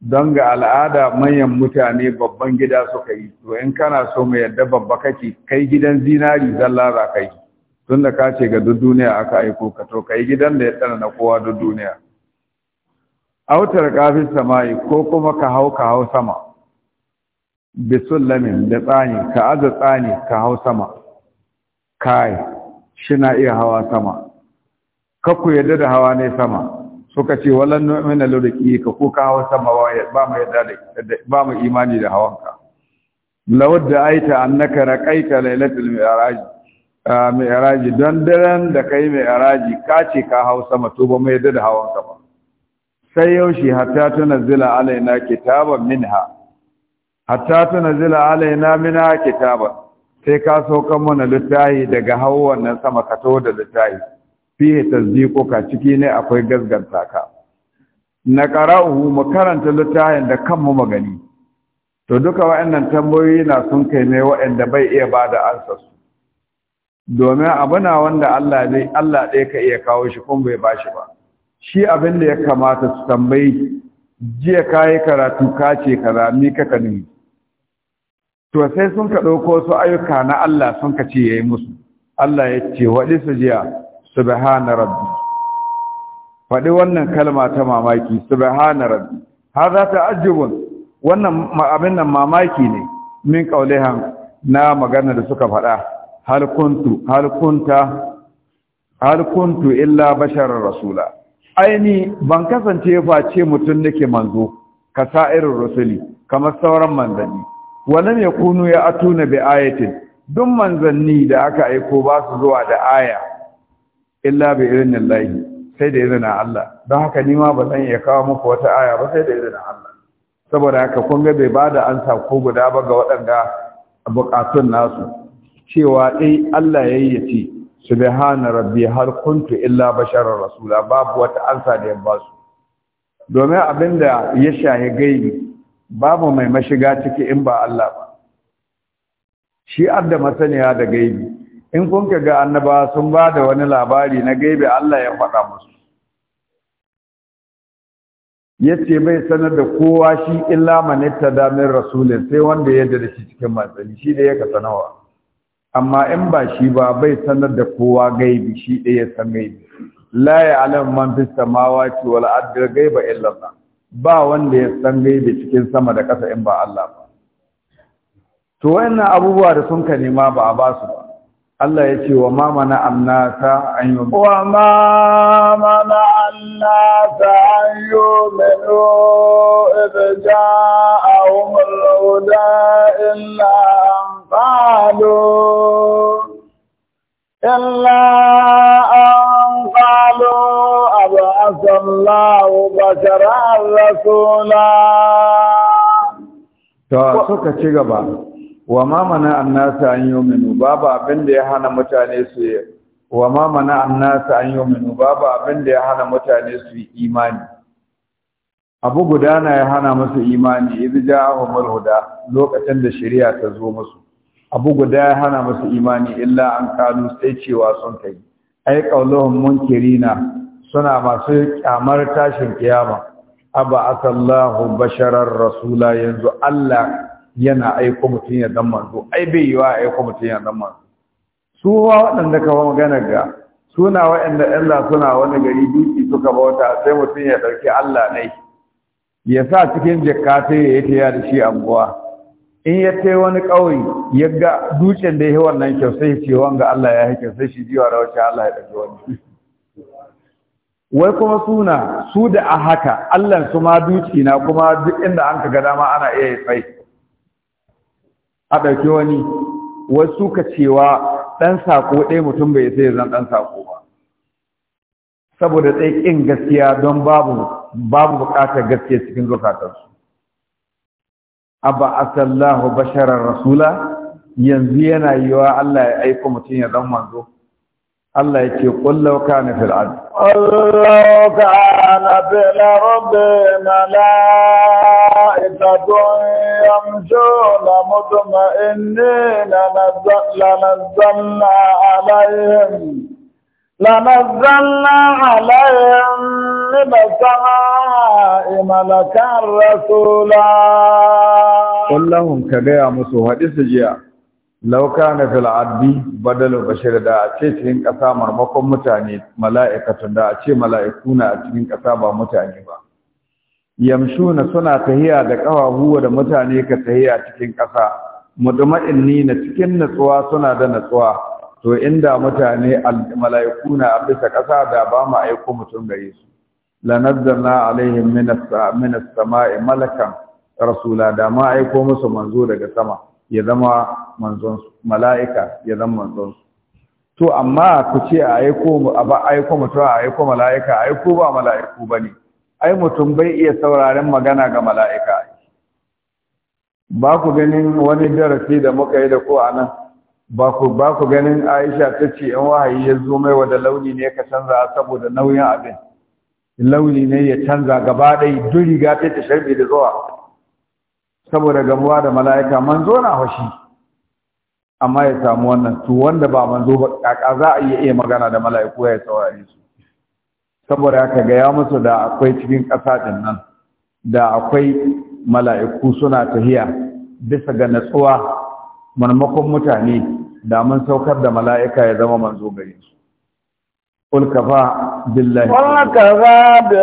Speaker 1: don ga al'ada manyan mutane babban gida suka yi to in kana so mai yadda babba kake kai gidan zinari zalla za ka yi tun da ka ce ga duk duniya aka aiko ka to kai gidan da ya tsana na kowa duk duniya autar kafin sama'i ko kuma ka hau ka hau sama lamin da tsani ka aza tsani ka hau sama kai shi na iya hawa sama ka ku yadda da hawa ne sama suka ce wallan nu'mina lirqi ka ko ka hawa sama ba mu yadda ba mu imani da hawanka lawad da aita annaka raqaita lailatul mi'raj ah, mi'raj don daren da kai mi'raj ka ce ka hawa sama to ba mu yadda da hawanka ba sai yaushe hatta tunzila alaina kitaban minha hatta tunzila alaina minha kitaban sai ka mu mana littafi daga hawan nan sama ka to da littafi. fihe ka ciki ne akwai gasganta ka na qara'uhu mu karanta littafin da kanmu magani to duka wa'annan tambayoyi na sun kai ne wa'anda bai iya bada ansa su domin abuna wanda Allah ne Allah ɗaya ka iya kawo shi kun bai bashi ba shi abin da ya kamata su tambayi jiya kayi karatu ka ce kaza mi kaka nuni to sai sun ka ɗauko su ayyuka na Allah sun ka ce yayi musu Allah ya ce waɗi su jiya subhana rabbi faɗi wannan kalma ta mamaki subhana rabbi hadha ta'ajjubun wannan abin nan mamaki ne min qaulihan na magana da suka faɗa hal kuntu hal kunta hal kuntu illa bashar rasula aini ban kasance face mutum nake manzo ka sa'irin rusuli kamar sauran manzanni walam kunu ya atuna bi ayatin duk manzanni da aka aiko ba su zuwa da aya illa bi irin lahi sai da izinin Allah don haka nima ba zan iya kawo muku wata aya ba sai da izinin Allah saboda haka kun ga bai bada ansa ko guda ba ga waɗanda bukatun nasu cewa dai eh, Allah yayyace subhana rabbi har kuntu illa basharar rasula babu wata ansa da ya ba su domin abinda ya shahi gaibi babu mai mashiga ciki in ba Allah ba shi adda masaniya da gaibi in kun ka ga annaba sun ba da wani labari na gaibe Allah ya faɗa musu yace bai sanar da kowa shi illa man ittada min rasulin sai wanda ya da shi cikin matsali shi da yaka sanawa amma in ba shi ba bai sanar da kowa gaibi shi da ya san gaibi la alam man fis samawati wal ardi gaiba illa Allah ba wanda ya san gaibi cikin sama da ƙasa in ba Allah ba to wayannan abubuwa da sun ka nema ba a ba su ba Allah ya ce wa ma mana annata an yi wa ma
Speaker 2: mana annata an yi minu ibja a umarna huda illa an falo إلا أن قالوا أبعث الله بشرا
Speaker 1: to suka ci gaba wa ma mana annasa an yu'minu babu abin da ya hana mutane su wa ma mana annasa an yu'minu babu abin da ya hana mutane su imani abu guda na ya hana musu imani idza ja'ahumul huda lokacin da shari'a ta zo musu abu guda ya hana musu imani illa an kanu sai cewa sun kai ai qauluhum munkirina suna masu kyamar tashin kiyama aba asallahu basharar rasula yanzu Allah yana aiko mutum ya zama manzo ai bai yi wa aiko mutum ya zama manzo su wa waɗanda ka ba magana ga suna waɗanda Allah suna wani gari duki suka bauta sai mutum ya ɗauki Allah ne ya sa cikin jakka sai ya yi ta da shi anguwa in ya tai wani ƙauye ya ga dutsen da ya yi wannan kyau sai ce wanga Allah ya hake sai shi jiwa rawace Allah ya ɗauki wani wai kuma suna su da a haka Allah su ma dutse na kuma duk inda an ka gada ma ana iya yi tsaye a ɗauki wani wasu ka cewa ɗan saƙo ɗaya mutum bai sai zan ɗan saƙo ba saboda tsaye ƙin gaskiya don babu babu buƙatar gaskiya cikin zukatarsu abba asallahu basharar rasula yanzu yana yiwa Allah ya aiko mutum ya zan manzo Allah ya ce kullau kana fil ard
Speaker 2: kullau kana fil ard malaikatun yamshuna mutma'innina lanazzalna alaihim لنزلنا عليهم من السماء ملكا رسولا
Speaker 1: قل لهم كجيا musu دي jiya. lauka na fil'addi badalu bashir da a ce cikin ƙasa marmakon mutane mala'ikatun da a ce mala'iku na a cikin ƙasa ba mutane ba yamshu na suna tahiya da ƙafafuwa da mutane ka tahiya cikin ƙasa ni na cikin natsuwa suna da natsuwa to inda mutane mala'iku na a bisa ƙasa da ba mu aiko mutum gare su lanazzalna alaihim minas sama'i malakan rasula da ma aiko musu manzo daga sama ya zama manzon mala'ika ya zama manzon to amma ku ce a aiko a ba aiko mutum a aiko mala'ika a aiko ba mala'iku bane ne ai mutum bai iya sauraren magana ga mala'ika ba ku ganin wani darasi da muka yi da ko anan? nan ba ku ba ku ganin Aisha ta ce in wahayi ya zo mai wada launi ne ka canza saboda nauyin abin launi ne ya canza gaba ɗaya duk riga ta sharbi da zuwa saboda gamuwa da mala'ika manzo na hoshi amma ya samu wannan to wanda ba manzo ba kaka za a iya iya magana da mala'iku ya saurari su saboda haka gaya musu da akwai cikin ƙasa din nan da akwai mala'iku suna tahiya bisa ga natsuwa marmakon mutane da mun saukar da mala'ika ya zama manzo gare su Kulkafa, billahi.
Speaker 2: billahi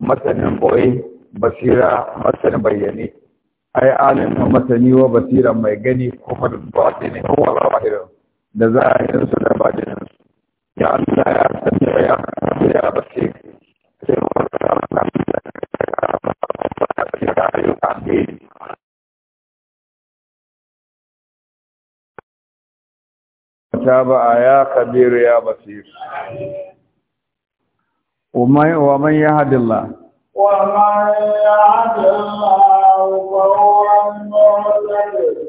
Speaker 1: masanin boye basira masanin bayyane ai alimin masani wa basira mai gani kuma da batinin ba zahirin da yi su da batinin ne ya Allah ya sanya ya ya basir ta ayyuka ne ba ya kabir ya basir ومن يهد الله
Speaker 2: ومن يهد الله فهو المهتد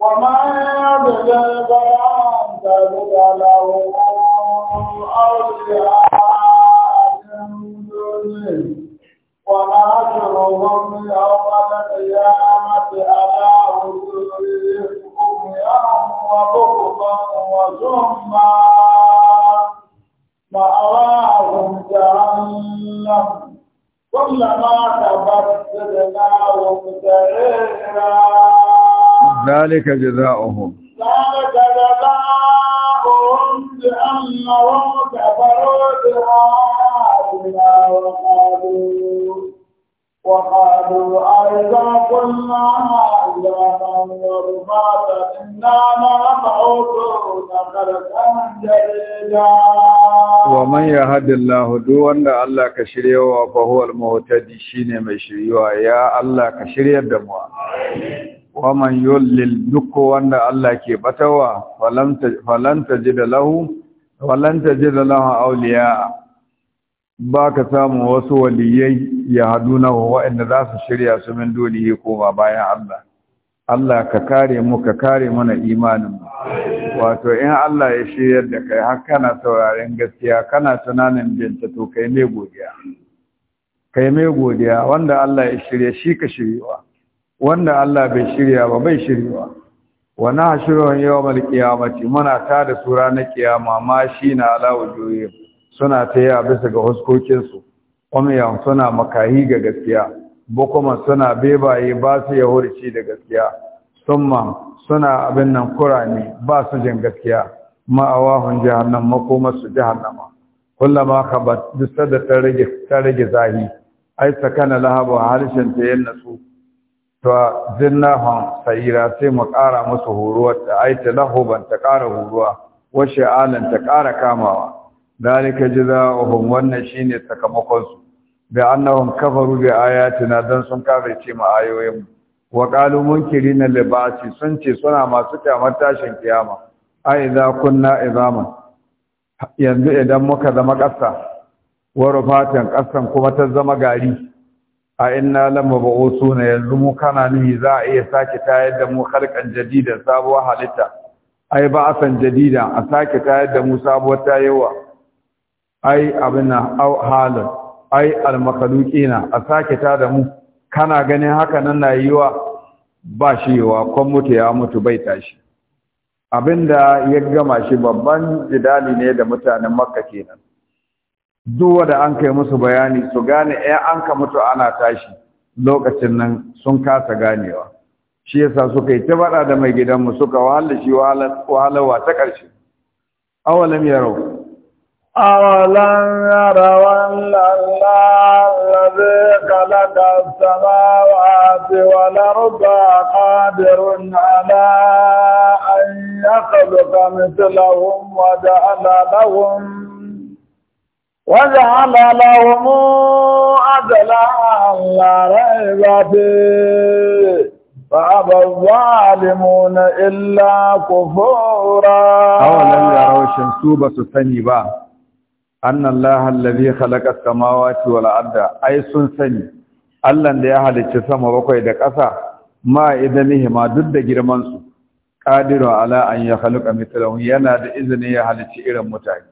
Speaker 2: ومن يضلل فلن تجد له أولياء من دونه ونحشرهم يوم القيامة على وجوههم عميا وبكما وسما مأواهم جهنم كلما تبت زدناهم سعيرا ذلك جزاؤهم ذلك جزاؤهم بأنهم كفروا بآياتنا وقالوا أيضا قلنا إلهنا ورماتا إنا لمبعوثون خلقا جديدا
Speaker 1: ومن يهد الله دون الله كشريوا فهو المهتدي شيني مشريوا يا الله كشريا دموا ومن يلل دك وان الله كي بتوا فلن تجد له ولن تجد له أولياء ba ka samun wasu waliyai ya hadu na wa'anda za su shirya su min doli ya koma bayan Allah. Allah ka kare mu ka kare mana imaninmu. Wato in Allah ya shirya da kai har kana sauraren gaskiya kana tunanin binta to kai mai godiya. Kai mai godiya wanda Allah ya shirya shi ka shirya. Wanda Allah bai shirya ba bai Wani wa yawon yawmal qiyamati muna tada tura na kiyama ma shi na ala wujuhihim suna ta taya bisa ga huskokinsu umyan suna makahi ga gaskiya bukuma suna bebaye ba su yahurci da gaskiya summa suna abin nan ne, ba su jin gaskiya ma'awahun jahannam makomar su jahannama kullama ba duk da ta rage ta rage zahi ai sakana lahaba harshen ta yin nasu to hon sayira sai mu ƙara musu horuwa ta ai ta lahoban ta ƙara horuwa washe sha'alan ta ƙara kamawa dalika jazaohum wannan shine sakamakon su bi annahum kafaru bi ayatina dan sun ce mu ayoyin wa qalu munkirina libasi sun ce suna masu kyamar tashin kiyama ai idza kunna izama? yanzu idan muka zama ƙasa wa rufatan ƙasan kuma ta zama gari a inna lamma ba'usu yanzu mu kana nihi za a iya sake tayar da mu halkan jadida sabuwar halitta ai ba asan jadida a sake tayar da mu sabuwar tayewa ai abin halin ai almakaluki na a sake ta da mu kana ganin haka nan na yiwa ba shi yiwa kwan mutu ya mutu bai tashi abinda ya gama shi babban jidali ne da mutanen makka kenan duk wanda an kai musu bayani su gane ya eh, an ka mutu ana tashi lokacin nan sun kasa ganewa shi yasa suka yi ta da mai gidanmu suka wahala shi wahalawa ta ƙarshe awalam rau?
Speaker 2: أولم يروا إلا
Speaker 1: الله الذي خلق
Speaker 2: السماوات والأرض قادر على أن يخلق مثلهم وجعل لهم وجعل لهم أجلا لا ريب فيه فأبى
Speaker 1: الظالمون
Speaker 2: إلا كفورا
Speaker 1: أولم يروا الشمس بسطني بقى annan lahal ladhi khalaqa samawati wal arda ai sun sani Allah da ya halicci sama bakwai da ƙasa ma idanihi ma duk da girman su qadiru ala an ya khalaqa mithlahu yana da izinin ya halicci irin mutane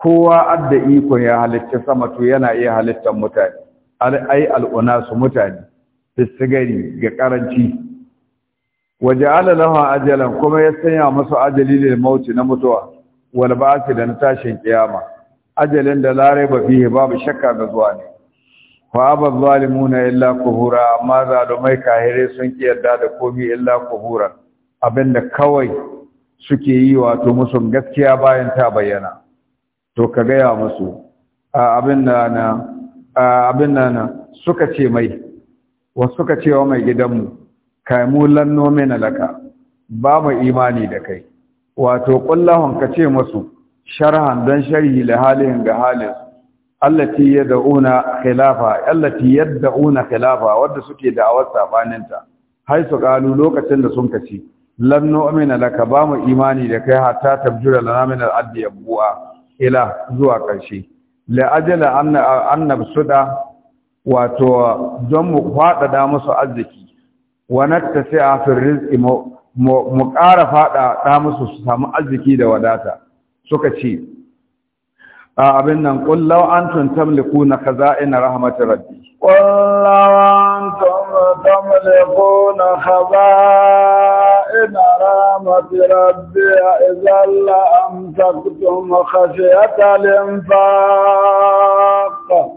Speaker 1: kowa adda iko ya halicci sama to yana iya halittar mutane ai su mutane fisigari ga karanci waje alalawa ajalan kuma ya sanya masu ajali da mauti na mutuwa wal ba'ati da na tashin kiyama ajalin da larai ba fiye babu shakka ga zuwa ne fa'aba zalimuna illa kuhura amma zalumai kahire sun ki yarda da komi illa kuhura abinda kawai suke yi wato musu gaskiya bayan ta bayyana to ka gaya musu abin na na suka ce mai wa suka ce wa mai gidanmu kaimu lanno mena laka ba mu imani da kai wato kullahun ka ce musu sharhan dan sharhi li halin ga halin allati yad'una khilafa allati yad'una khilafa wanda suke da'awar sabaninta su qalu lokacin da sun kace lam nu'mina laka ba mu imani da kai hatta tabjura lana min al-addi yabwa ila zuwa karshe la ajala anna annab suda wato don mu faɗaɗa musu arziki wanatta sai a fin rizki mu ƙara faɗaɗa musu su samu arziki da wadata suka ce a abin nan kullu antum tamlikuna khaza'ina rahmatir rabbi kullu
Speaker 2: antum tamlikuna khaza'ina rahmatir rabbi idza la amsaktum Wa linfaq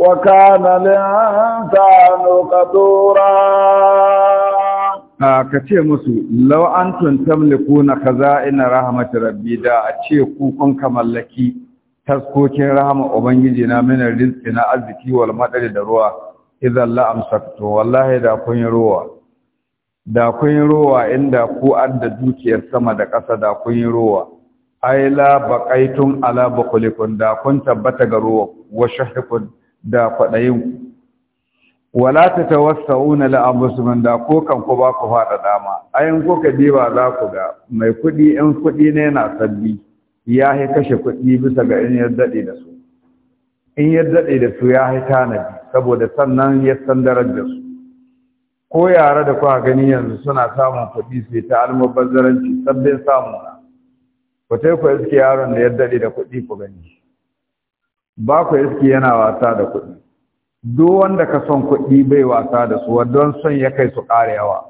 Speaker 2: وكان الإنسان قدورا
Speaker 1: Ah, ka ce musu law na tamlikuna ina rahamata rabbi da a ce ku kun ka mallaki taskokin rahama ubangiji na min rizki na arziki wal maɗari da ruwa idan la'am sakto wallahi da kun yi ruwa da kun yi ruwa inda ku adda dukiyar sama da ƙasa da kun yi ruwa ai la baƙaitun ala bakulikun da kun tabbata ga ruwa wa shahikun da kwadayin wala ta tawassa'una man da ko kan ku ba ku fada dama ayin ko ka diba za ku ga mai kudi in kudi ne na sabbi ya yi kashe kudi bisa ga in yadda dade da su in yadda dade da su ya yi tanadi saboda sannan ya san darajar su ko yara da kuka gani yanzu suna samun kudi su ta almubazzaranci sabbin samu na ku tai ku iske yaron da ya dade da kudi ku gani ba ku iske yana wasa da kudi duk wanda ka son kuɗi bai wasa da su don son ya kai su ƙara yawa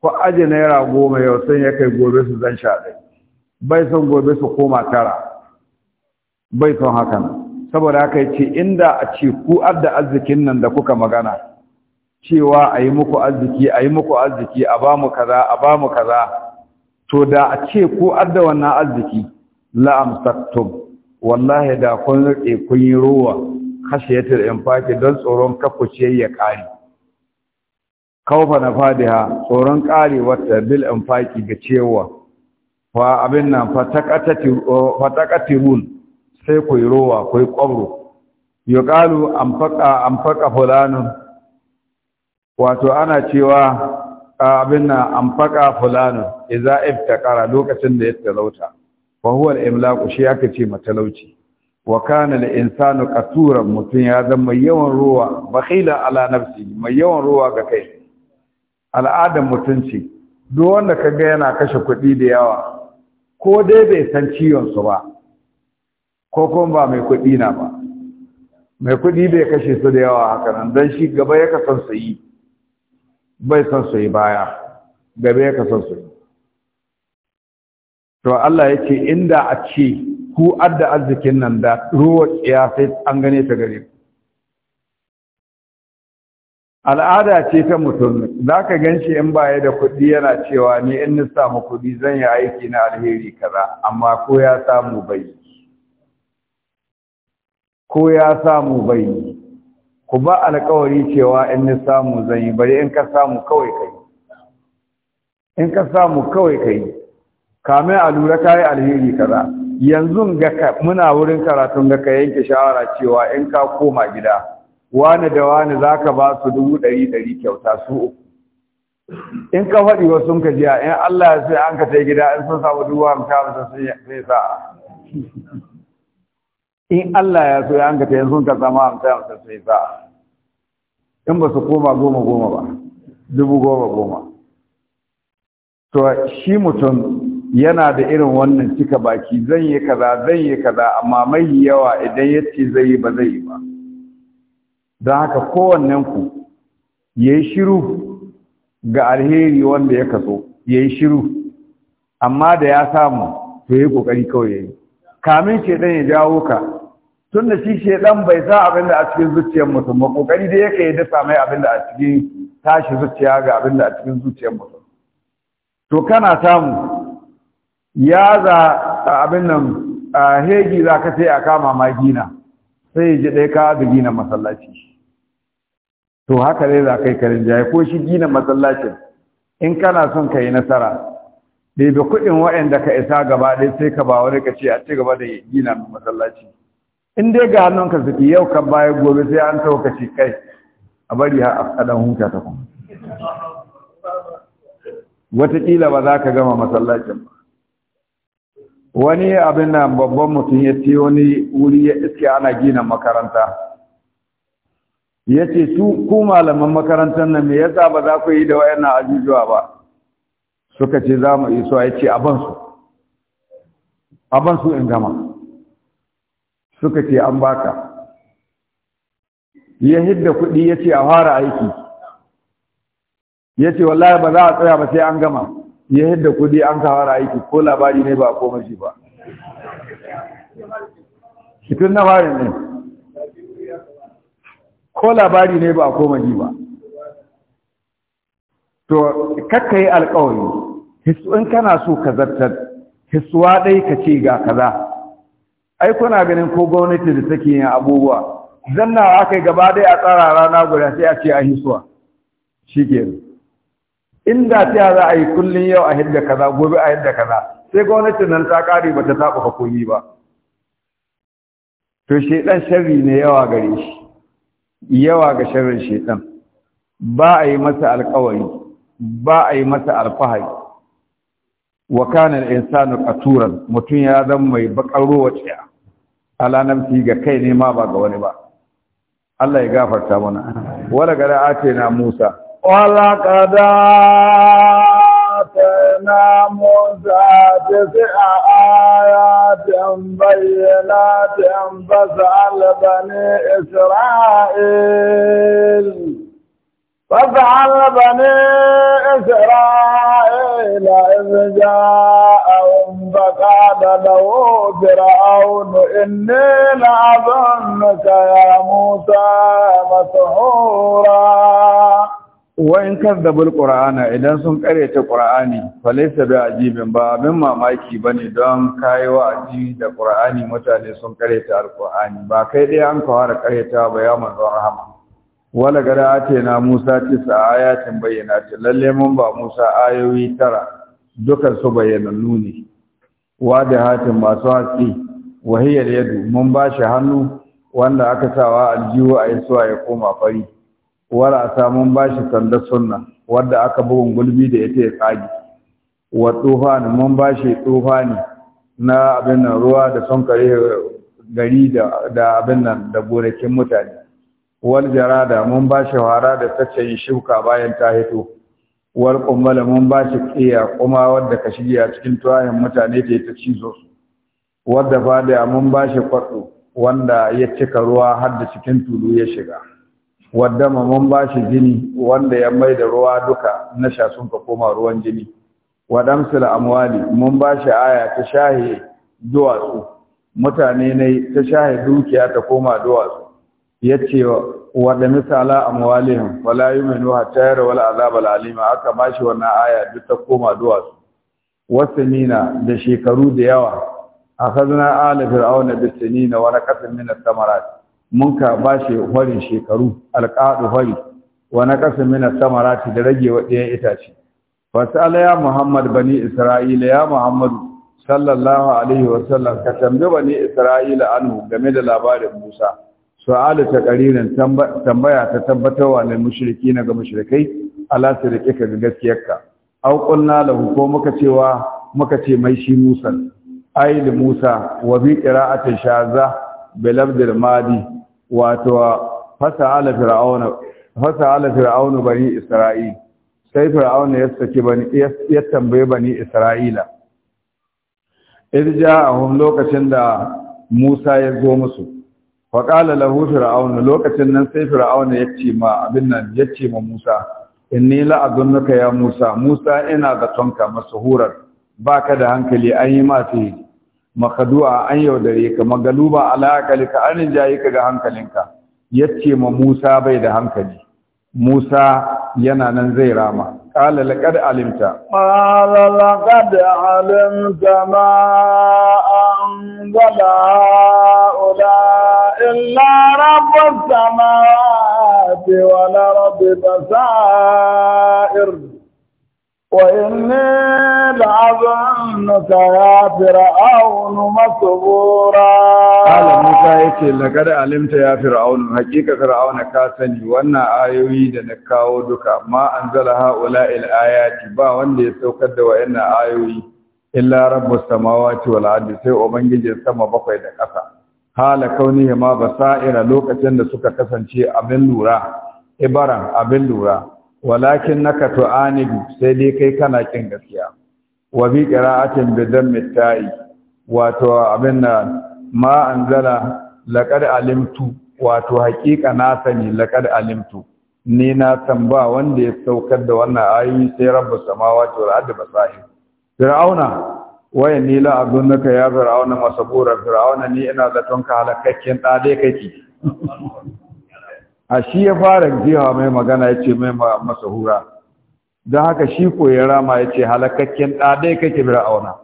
Speaker 1: ko aji naira goma yau son ya kai gobe su zan sha ɗai bai son gobe su koma tara bai son hakan saboda haka ce inda a ce ku adda arzikin nan da kuka magana cewa a yi muku arziki a yi muku arziki a ba mu kaza a ba mu kaza to da a ce ku adda wannan arziki la'am la'amsaktum wallahi da kun riƙe kun yi ruwa khashiyatul infaqi don tsoron kafuce ya kare kaufa na fadiha tsoron kare wata bil infaqi ga cewa fa abin nan fa taqatirun sai ku rowa ku yi kwabro yuqalu anfaqa anfaqa fulanun wato ana cewa abin nan anfaqa fulanun idza iftakara lokacin da ya talauta fa huwa al-imlaq shi aka ce matalauci wa kana al insanu qaturan mutun ya zama yawan ruwa bakhila ala nafsi mai yawan ruwa ga kai al'adan mutunci duk wanda kaga yana kashe kuɗi da yawa ko dai bai san ciwon su ba ko kuma ba mai kuɗi na ba mai kuɗi bai kashe su da yawa haka nan don shi gaba ya kasan su yi bai san su yi baya gaba ya kasan su yi to Allah ya ce inda a ce ku adda arzikin nan da ruwa ya sai an gane ta gare ku al'ada ce ta mutum za ka gan shi in baya da kuɗi yana cewa ni in na samu kuɗi zan yi aiki na alheri kaza amma ko ya samu bai ko ya samu bai ku ba alkawari cewa in na samu zan yi bari in ka samu kawai kai in ka samu kawai kai kamin a lura ka yi alheri kaza yanzu ga muna wurin karatun ga ka yanke shawara cewa in ka koma gida wani da wani za ka ba su dubu ɗari ɗari kyauta su uku in ka faɗi wasu sun ka jiya in Allah ya sai an ka ta gida in sun samu dubu hamsin hamsin sun yi sa'a in Allah ya sai ya an ka ta yin sun ka samu hamsin hamsin sun yi sa'a in ba su koma goma goma ba dubu goma goma to shi mutum yana da irin wannan cika baki zan yi kaza zan yi kaza amma mai yawa idan yace ce zai yi ba zai yi ba don haka kowannen ku ya yi shiru ga alheri wanda ya kaso ya yi shiru amma da ya samu to yi kokari kawai ya yi kamin shaidan ya jawo ka tun da shi shaidan bai sa abin da a cikin zuciyar mutum ba kokari da yake ya sa mai abin da a cikin tashi zuciya ga abin da a cikin zuciyar mutum to kana samu ya za abin nan hegi za ka sai a kama ma gina sai ya ji ɗaya ka da gina masallaci to haka dai za ka yi karin jaye ko shi gina masallacin in kana son ka yi nasara yi kuɗin waɗanda ka isa gaba ɗaya sai ka ba wani ka a ci gaba da gina masallaci in dai ga hannun ka suke yau kan baya gobe sai an tawo ka kai a bari a ɗan hunka ta kuma wataƙila ba za ka gama masallacin ba wani abin nan babban mutum ya ce wani wuri ya iske ana gina makaranta ya ce su ku malaman makarantar nan me yasa ba za ku yi da wayannan ajujuwa ba suka ce za mu iso ya ce aban su in gama suka ce an baka ya hidda kuɗi ya ce a fara aiki ya ce wallahi ba za a tsaya ba sai an gama ya yadda kudi an kawara aiki ko labari ne ba a koma ba tun na fari ne ko labari ne ba a koma ba to kakka yi alkawari in kana so ka zartar hisuwa ɗai ka ce ga kaza ai kuna ganin ko gwamnati da take yin abubuwa zannawa aka yi gaba dai a tsara rana guda sai a ce a hisuwa shi kenan inda ta za a yi kullum yau a hidda kaza gobe a hidda kaza sai gwamnatin nan ta kare ba ta saba hukumi ba to shedan sharri ne yawa gare shi yawa ga sharrin shedan ba a yi masa alkawari ba a yi masa alfahari wa kana al-insanu qaturan mutun ya zama mai bakaro wace ala nafsi ga kai ne ma ba ga wani ba Allah ya gafarta mana wala gara ate na Musa
Speaker 2: ولقد آتينا موسى تسع آيات بينات فاسأل بني إسرائيل فاسأل بني إسرائيل إذ جاءهم فقال له فرعون إني لأظنك يا موسى مسحورا
Speaker 1: wa in kazzabul qur'ana idan sun karyata qur'ani falaisa bi ajibin ba abin mamaki bane don kai wa'azi da qur'ani mutane sun karyata alqur'ani ba kai dai an kawara karyata ba ya manzon rahama wala gada na musa tisa ayatin ta lalle mun ba musa ayoyi tara duka su bayyanannu ne da hatin masu hatsi wahiyar yadu mun ba shi hannu wanda aka sawa aljiwo a yi suwa ya koma fari wara a samun bashi sanda sunna wadda aka bugun gulbi da ita ya tsagi wa tufani mun bashi tufani na abin nan ruwa da son kare gari da abin nan da gonakin mutane wal jarada mun bashi wara da tace shuka bayan ta hito wal kummala mun bashi kiya kuma wadda ka shige a cikin tuwayen mutane ta ta cizo su wadda fada mun bashi kwatsu wanda ya cika ruwa har da cikin tulu ya shiga wadda mun ba shi jini wanda ya mai da ruwa duka na sha ka koma ruwan jini sila amwali mun ba shi aya ta shahe duwatsu mutane ne ta shahe dukiya ta koma duwatsu yace wadda misala amwalihim wala yuminu hatta yara wala azab alalima aka ba shi wannan aya duk ta koma duwatsu wasanina da shekaru da yawa akhadna ala fir'auna bisanina wa raqatan min ath mun ka ba shi hwarin shekaru alƙadu hori wa na ƙasa mina samarati da rage wa itace fasala ya muhammad bani isra'ila ya muhammadu sallallahu alaihi wa sallam ka tambi bani isra'ila anhu game da labarin musa su'alu ta ƙaririn tambaya ta tabbatarwa ne mushriki na ga mushrikai ala su rike ka ga gaskiyarka au qulna lahu ko muka muka ce mai shi musa ayil musa wa bi shaza bi madi wato fasa ala fasa'ala fir'auna bani isra'il sai fir'auna ya saki bani ya tambaye bani isra'ila irja'ahum lokacin da Musa ya zo musu faƙala lahu fir'auna lokacin nan sai fir'auna ya ce ma abin nan ya ce ma Musa inni la'adunnuka ya Musa Musa ina tonka, masuhurar baka da hankali an yi ma makadu'a an yaudare ka magaluba alaƙali ka an jayi ka ga hankalinka Ya ce ma Musa bai da hankali Musa yana nan zai rama ƙala laƙar alimta
Speaker 2: ƙala laƙar alimta ma an gada ula illa ce wa wal ardi sa'ir wa inni al’azunanta ya fi ra’aunu masu bora. Kala
Speaker 1: Musa ya ce, Lagar alimta ya fi ra’aunu, hakikatar ra’auna ka sani wannan ayoyi da na kawo duka, ma an zala ha’ula il’aya ci ba wanda ya saukar da wa’yannan ayoyi, in larar Mustama wace wal’adu sai Ubangijin sama bakwai da ƙasa. Hala kauni ya ma ba sa’ira lokacin da suka kasance abin lura, abin lura. Walakin na ka sai dai kai kana ƙin gaskiya. wa bi qira'atin bi dammi ta'i wato abin da ma anzala laqad alimtu wato haƙiƙa na sani laqad alimtu ni na tamba wanda ya saukar da wannan ayoyi sai rabbus samawati wal ardi basahi fir'auna waya ni la abunka ya fir'auna masabura fir'auna ni ina da tonka halakakken dade kake [laughs] a shi ya fara jiha mai magana yace mai masahura don haka shi ko ya rama ya ce halakakken ɗaɗe kake bir'auna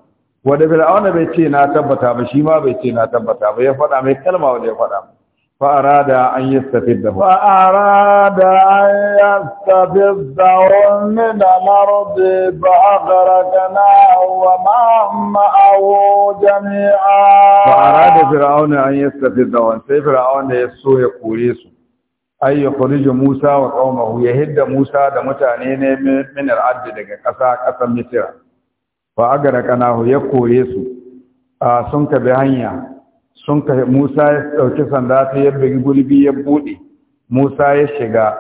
Speaker 1: wadda auna bai ce na tabbata ba shi ma bai ce na tabbata ba ya faɗa mai kalma wadda ya faɗa mu fa arada an tafi da fa
Speaker 2: arada an yi tafi da wani da marubi ba a garakana wa ma'amma a wo jami'a fa arada
Speaker 1: bir'auna an tafi da wani sai bir'auna ya so ya kore su ay yukhriju Musa wa qaumahu ya hidda Musa da mutane ne min al-ard daga ƙasa ƙasar Misra fa hu ya kore su a sun ka bi hanya sun ka Musa ya dauki sanda ta ya bugi gulbi ya bude Musa ya shiga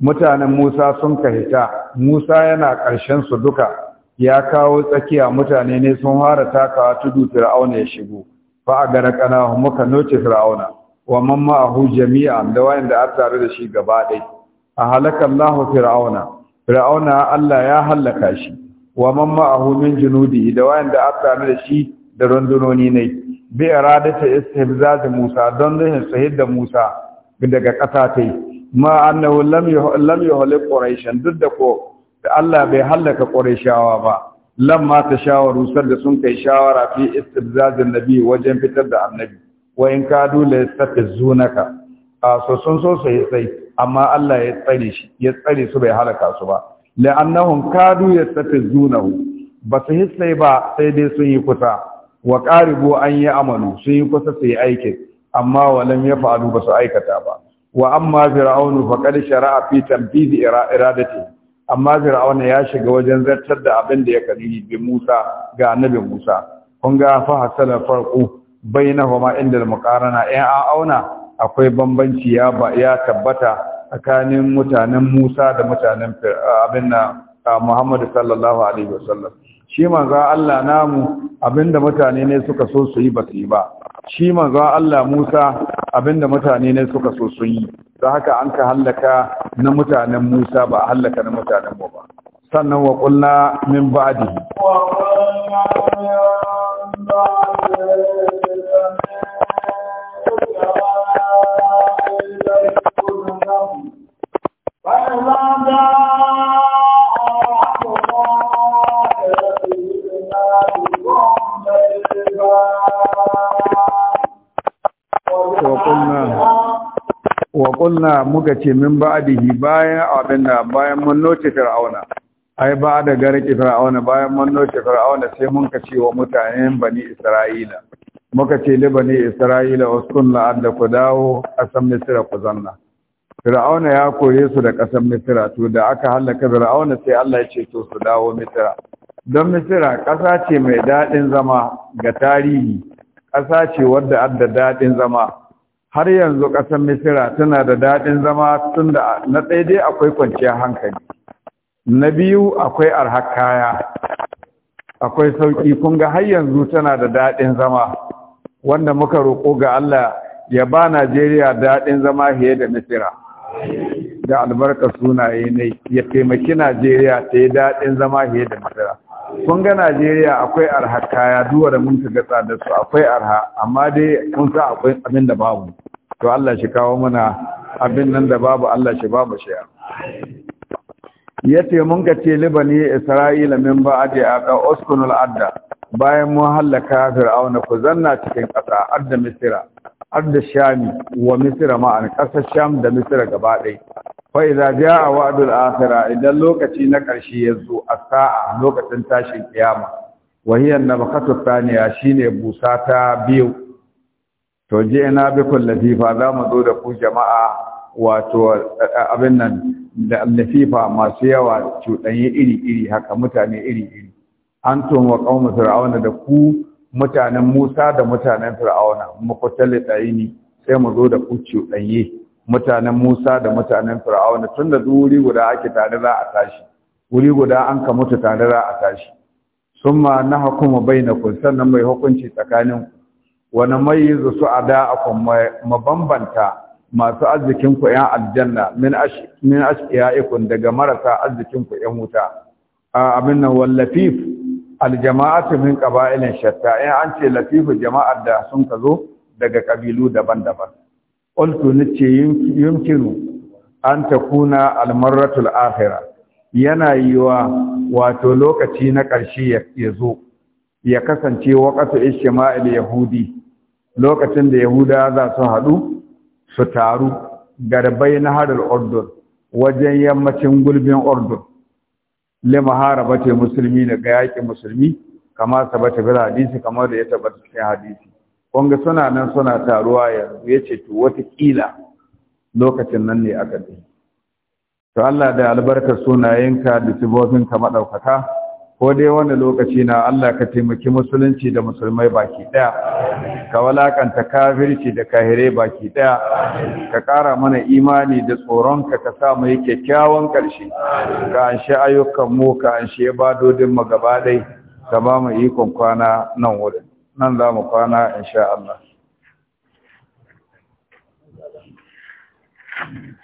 Speaker 1: mutanen Musa sun ka hita Musa yana ƙarshen su duka ya kawo tsakiya mutane ne sun fara takawa tudu Fir'auna ya shigo fa hu muka noce Fir'auna wa man ma'ahu jami'an da wanda a tare da shi gaba ɗai a halaka Allah fir'auna fir'auna Allah ya halaka shi wa man ma'ahu min junudi da da a tare da shi da rundunoni ne bi iradata istihzaz Musa don ne sahid da Musa daga ƙasa tai ma annahu lam lam yuhlik quraish duk da ko Allah bai halaka qurayshawa ba lamma tashawaru da sun kai shawara fi istibzazin nabi wajen fitar da annabi wa in kadu la yastaqizunaka a so sun so sai sai amma Allah ya tsare shi ya tsare su bai halaka su ba la'annahum kadu yastaqizunahu ba su hissai ba sai dai sun yi kusa wa qaribu an yi amalu sun yi kusa su yi aikin amma walam yaf'alu ba su aikata ba wa amma fir'aunu faqad shara'a fi tanfidhi iradati amma fir'auna ya shiga wajen zartar da abin da ya kadi bi Musa ga annabi Musa kun ga fa hasala farqu bainahuma inda al-muqarana in an auna akwai bambanci ya ya tabbata tsakanin mutanen Musa da mutanen abinna Muhammad sallallahu alaihi wasallam shi manzo Allah namu abinda mutane ne suka so su yi ba su yi ba shi manzo Allah Musa abinda mutane ne suka so su yi don haka an ka hallaka na mutanen Musa ba a hallaka na mutanen mu ba sannan wa qulna min ba'dihi wa
Speaker 2: qulna
Speaker 1: muka ce min ba'dihi bayan abin da bayan mun noce fir'auna ai ba da garki fir'auna bayan mun noce fir'auna sai mun ka ce wa mutanen bani isra'ila muka ce li bani isra'ila uskun la'adda ku dawo kasan misra ku zanna fir'auna ya kore su da kasan misira to da aka halaka fir'auna sai Allah ya ce to su dawo misra don misira ƙasa ce mai daɗin zama ga tarihi kasa ce wadda adda daɗin zama har yanzu kasan misira tana da daɗin zama tunda na ɗaya dai akwai kwanciyar hankali na biyu akwai arhar kaya akwai sauki kun ga har yanzu tana da daɗin zama wanda muka roƙo ga Allah ya ba Najeriya daɗin zama fiye da Misira da albarka sunaye ne ya taimaki Najeriya ta yi daɗin zama fiye da Misira kun ga Najeriya akwai arha kaya duwa da mun ga tsada su akwai arha amma dai kun sa akwai abin da babu to Allah shi kawo mana abin nan da babu Allah shi babu mu yace mun ga ce libani isra'ila min ba'di aqa uskunul adda bayan mun halaka fir'auna ku zanna cikin ƙasa adda misira adda shami wa misira ma an sham da misira gaba ɗaya fa idza jaa wa'dul akhirah idan lokaci na ƙarshe ya zo a sa'a lokacin tashin kiyama wa hiya nabqatu thaniya shine busa ta biyu to je na bi kullati fa za mu zo da ku jama'a wato abin nan da latifa masu yawa cuɗanye iri-iri haka mutane iri-iri an wa ƙaunar fir'auna da ku mutanen musa da mutanen fir'auna ɗaya ne, sai mu zo da ku cuɗanye mutanen musa da mutanen fir'auna tun da wuri guda ake tare za a tashi wuri guda an ka mutu tare za a tashi sun na hukuma bai na kun sannan mai hukunci tsakanin wani mai yi su a da'akun mabambanta masu arzikin yan aljanna min ash min daga marasa arzikin ku yan wuta abin nan wallafif aljama'atu min qaba'ilin shatta in an ce lafifu jama'ar da sun ka zo daga ƙabilu daban-daban qultu ce yumkinu an takuna almarratul akhira yana yiwa wato lokaci na ƙarshe ya zo ya kasance waƙasa ishma'il yahudi lokacin da yahuda za su haɗu su taru garbai na harar ordon wajen yammacin gulbin ordon lima harabata musulmi na ga yaƙi musulmi kama sabata bil hadisi kamar da ya tabbata cikin hadisi kunga suna nan suna taruwa yanzu ya ce to watakila lokacin nan ne aka ce to Allah da albarkar sunayenka da sifofinka maɗaukaka ko dai wani lokaci na Allah ka taimaki musulunci da musulmai baki daya ka walakanta kafirci da kahire baki daya ka kara mana imani da tsoronka ka sa mu yi kyakkyawan karshe ka anshi ayyukan mu ka anshi ibadodin mu gaba dai ka ba mu ikon kwana nan wurin nan za mu kwana insha Allah Thank you.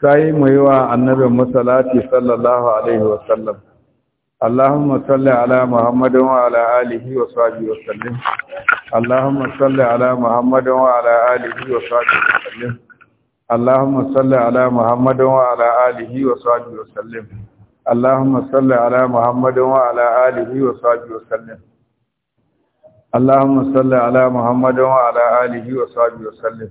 Speaker 1: sai mu yi wa annabin masalati sallallahu alaihi wasallam اللهم صل على محمد وعلى آله وصحبه وسلم اللهم صل على محمد وعلى آله وصحبه وسلم اللهم صل على محمد وعلى آله وصحبه وسلم اللهم صل على محمد وعلى آله وصحبه وسلم اللهم صل على محمد وعلى وصحبه وسلم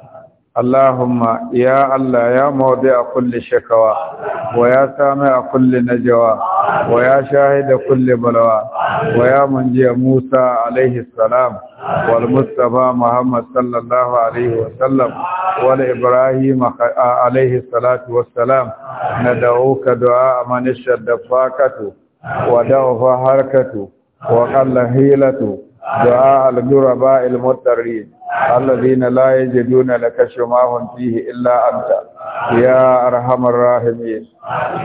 Speaker 1: اللهم يا الله يا موضع كل شكوى ويا سامع كل نجوى ويا شاهد كل بلوى ويا منجي موسى عليه السلام والمصطفى محمد صلى الله عليه وسلم والإبراهيم عليه الصلاة والسلام ندعوك دعاء من الشدفاكة ودعو فهركة حركته وقل هيلته دعاء الغرباء المضطرين الذين لا يجدون لك شماهم فيه إلا أنت يا أرحم الراحمين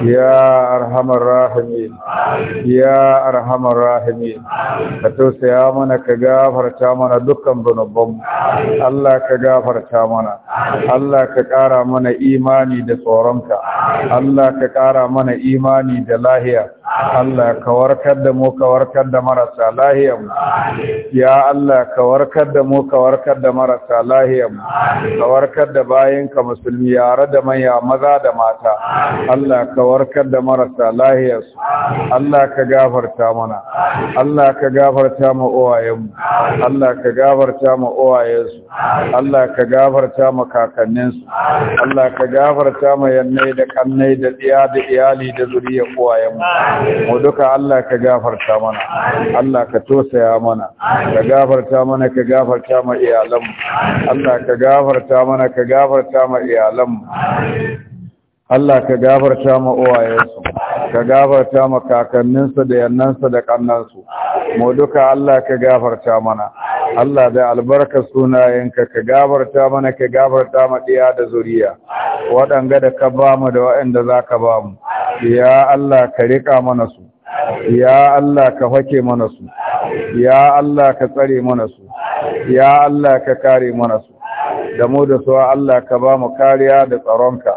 Speaker 1: يا أرحم الراحمين يا أرحم الراحمين توسيا منا كغافر تامنا دكان ذنوبم الله كغافر تامنا الله كقارا منا إيماني da tsoronka Allah ka ƙara mana imani da lahiya Allah ka warkar da mu ka warkar da marasa mu. ya Allah ka warkar da mu ka warkar da marasa mu. ka warkar da bayinka musulmi yare da manya maza da mata Allah ka warkar da marasa lahiyarsu Allah ka gafarta mana Allah ka gafarta mu uwayenmu Allah ka gafarta mu uwayensu Allah ka gafarta mu kakanninsu Allah ka gafarta mu yannai da kannai da tsiya da iyali da zuriyar uwayenmu mu duka Allah ka gafarta mana Allah ka tosaya mana ka gafarta mana ka gafarta ma iyalanmu Allah ka gafarta mana ka gafarta ma iyalanmu Allah ka gafarta ma uwayensu ka gafarta ma kakanninsu da yannansu da kannansu mu duka Allah ka gafarta mana Allah da albarka sunayenka ka gafarta mana ka gafarta ma diya da zuriya waɗanga da ka bamu da wanda za ka bamu ya Allah ka rika mana su ya Allah ka hake mana su ya Allah ka tsare mana su ya Allah ka kare mana su da mu da suwa Allah ka ba mu kariya da tsaronka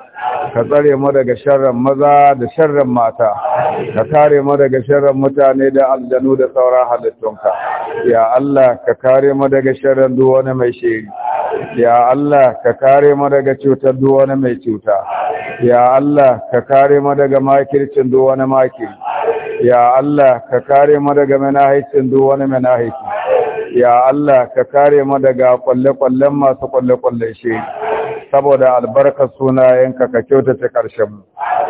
Speaker 1: ka tsare mu daga sharran maza da sharran mata ka kare mu daga sharran mutane da aljanu da sauran halittunka ya Allah ka kare mu daga sharran duk wani mai shiri ya Allah ka kare mu daga cutar duk wani mai cuta ya Allah ka kare mu daga makircin duk wani makiri ya Allah ka kare mu daga manahicin duk wani manahici ya Allah ka kare mu daga kwalle-kwallen masu kwalle-kwalle shi saboda albarka sunayenka ka kyautace ƙarshen mu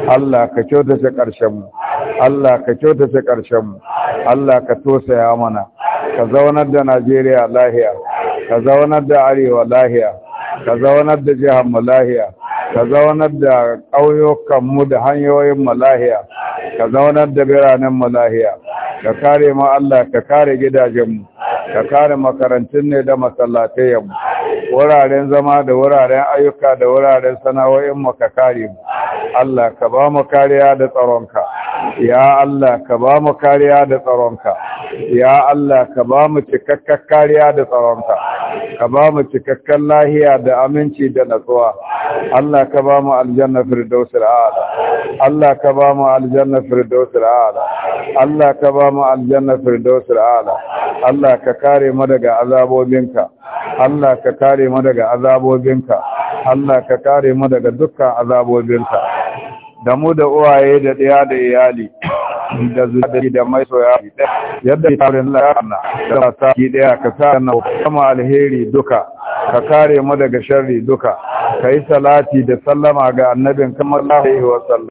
Speaker 1: Allah ka kyautace ƙarshen mu Allah ka kyautace ƙarshen mu Allah ka tosaya mana ka zaunar da Najeriya lahiya ka zaunar da Arewa lahiya ka zaunar da jihar mu lahiya ka zaunar da mu da hanyoyin malahiya ka zaunar da biranen mu lahiya, ka kare mu Allah ka kare gidajen mu ka kare makarantun ne da masallatai mu wuraren zama da wuraren ayyuka da wuraren sana'o'in mu ka kare mu Allah ka ba mu kariya da tsaronka ya Allah ka ba mu kariya da tsaronka ya Allah ka ba mu cikakken kariya da tsaronka ka ba mu cikakken lahiya da aminci da natsuwa Allah ka ba mu aljanna firdausul a'la Allah ka ba mu aljanna firdausul a'la Allah ka ba mu aljanna firdausul a'la Allah ka kare mu daga azabobinka Allah ka kare mu daga azabobinka Allah ka kare mu daga dukkan azabobinka da mu da uwaye da ɗaya da iyali da zuwa da mai soyayya yadda tarin la'ana da ta ki ɗaya ka sa na kama alheri duka ka kare mu daga sharri duka ka yi salati da sallama ga annabin kamar lahi wa sallam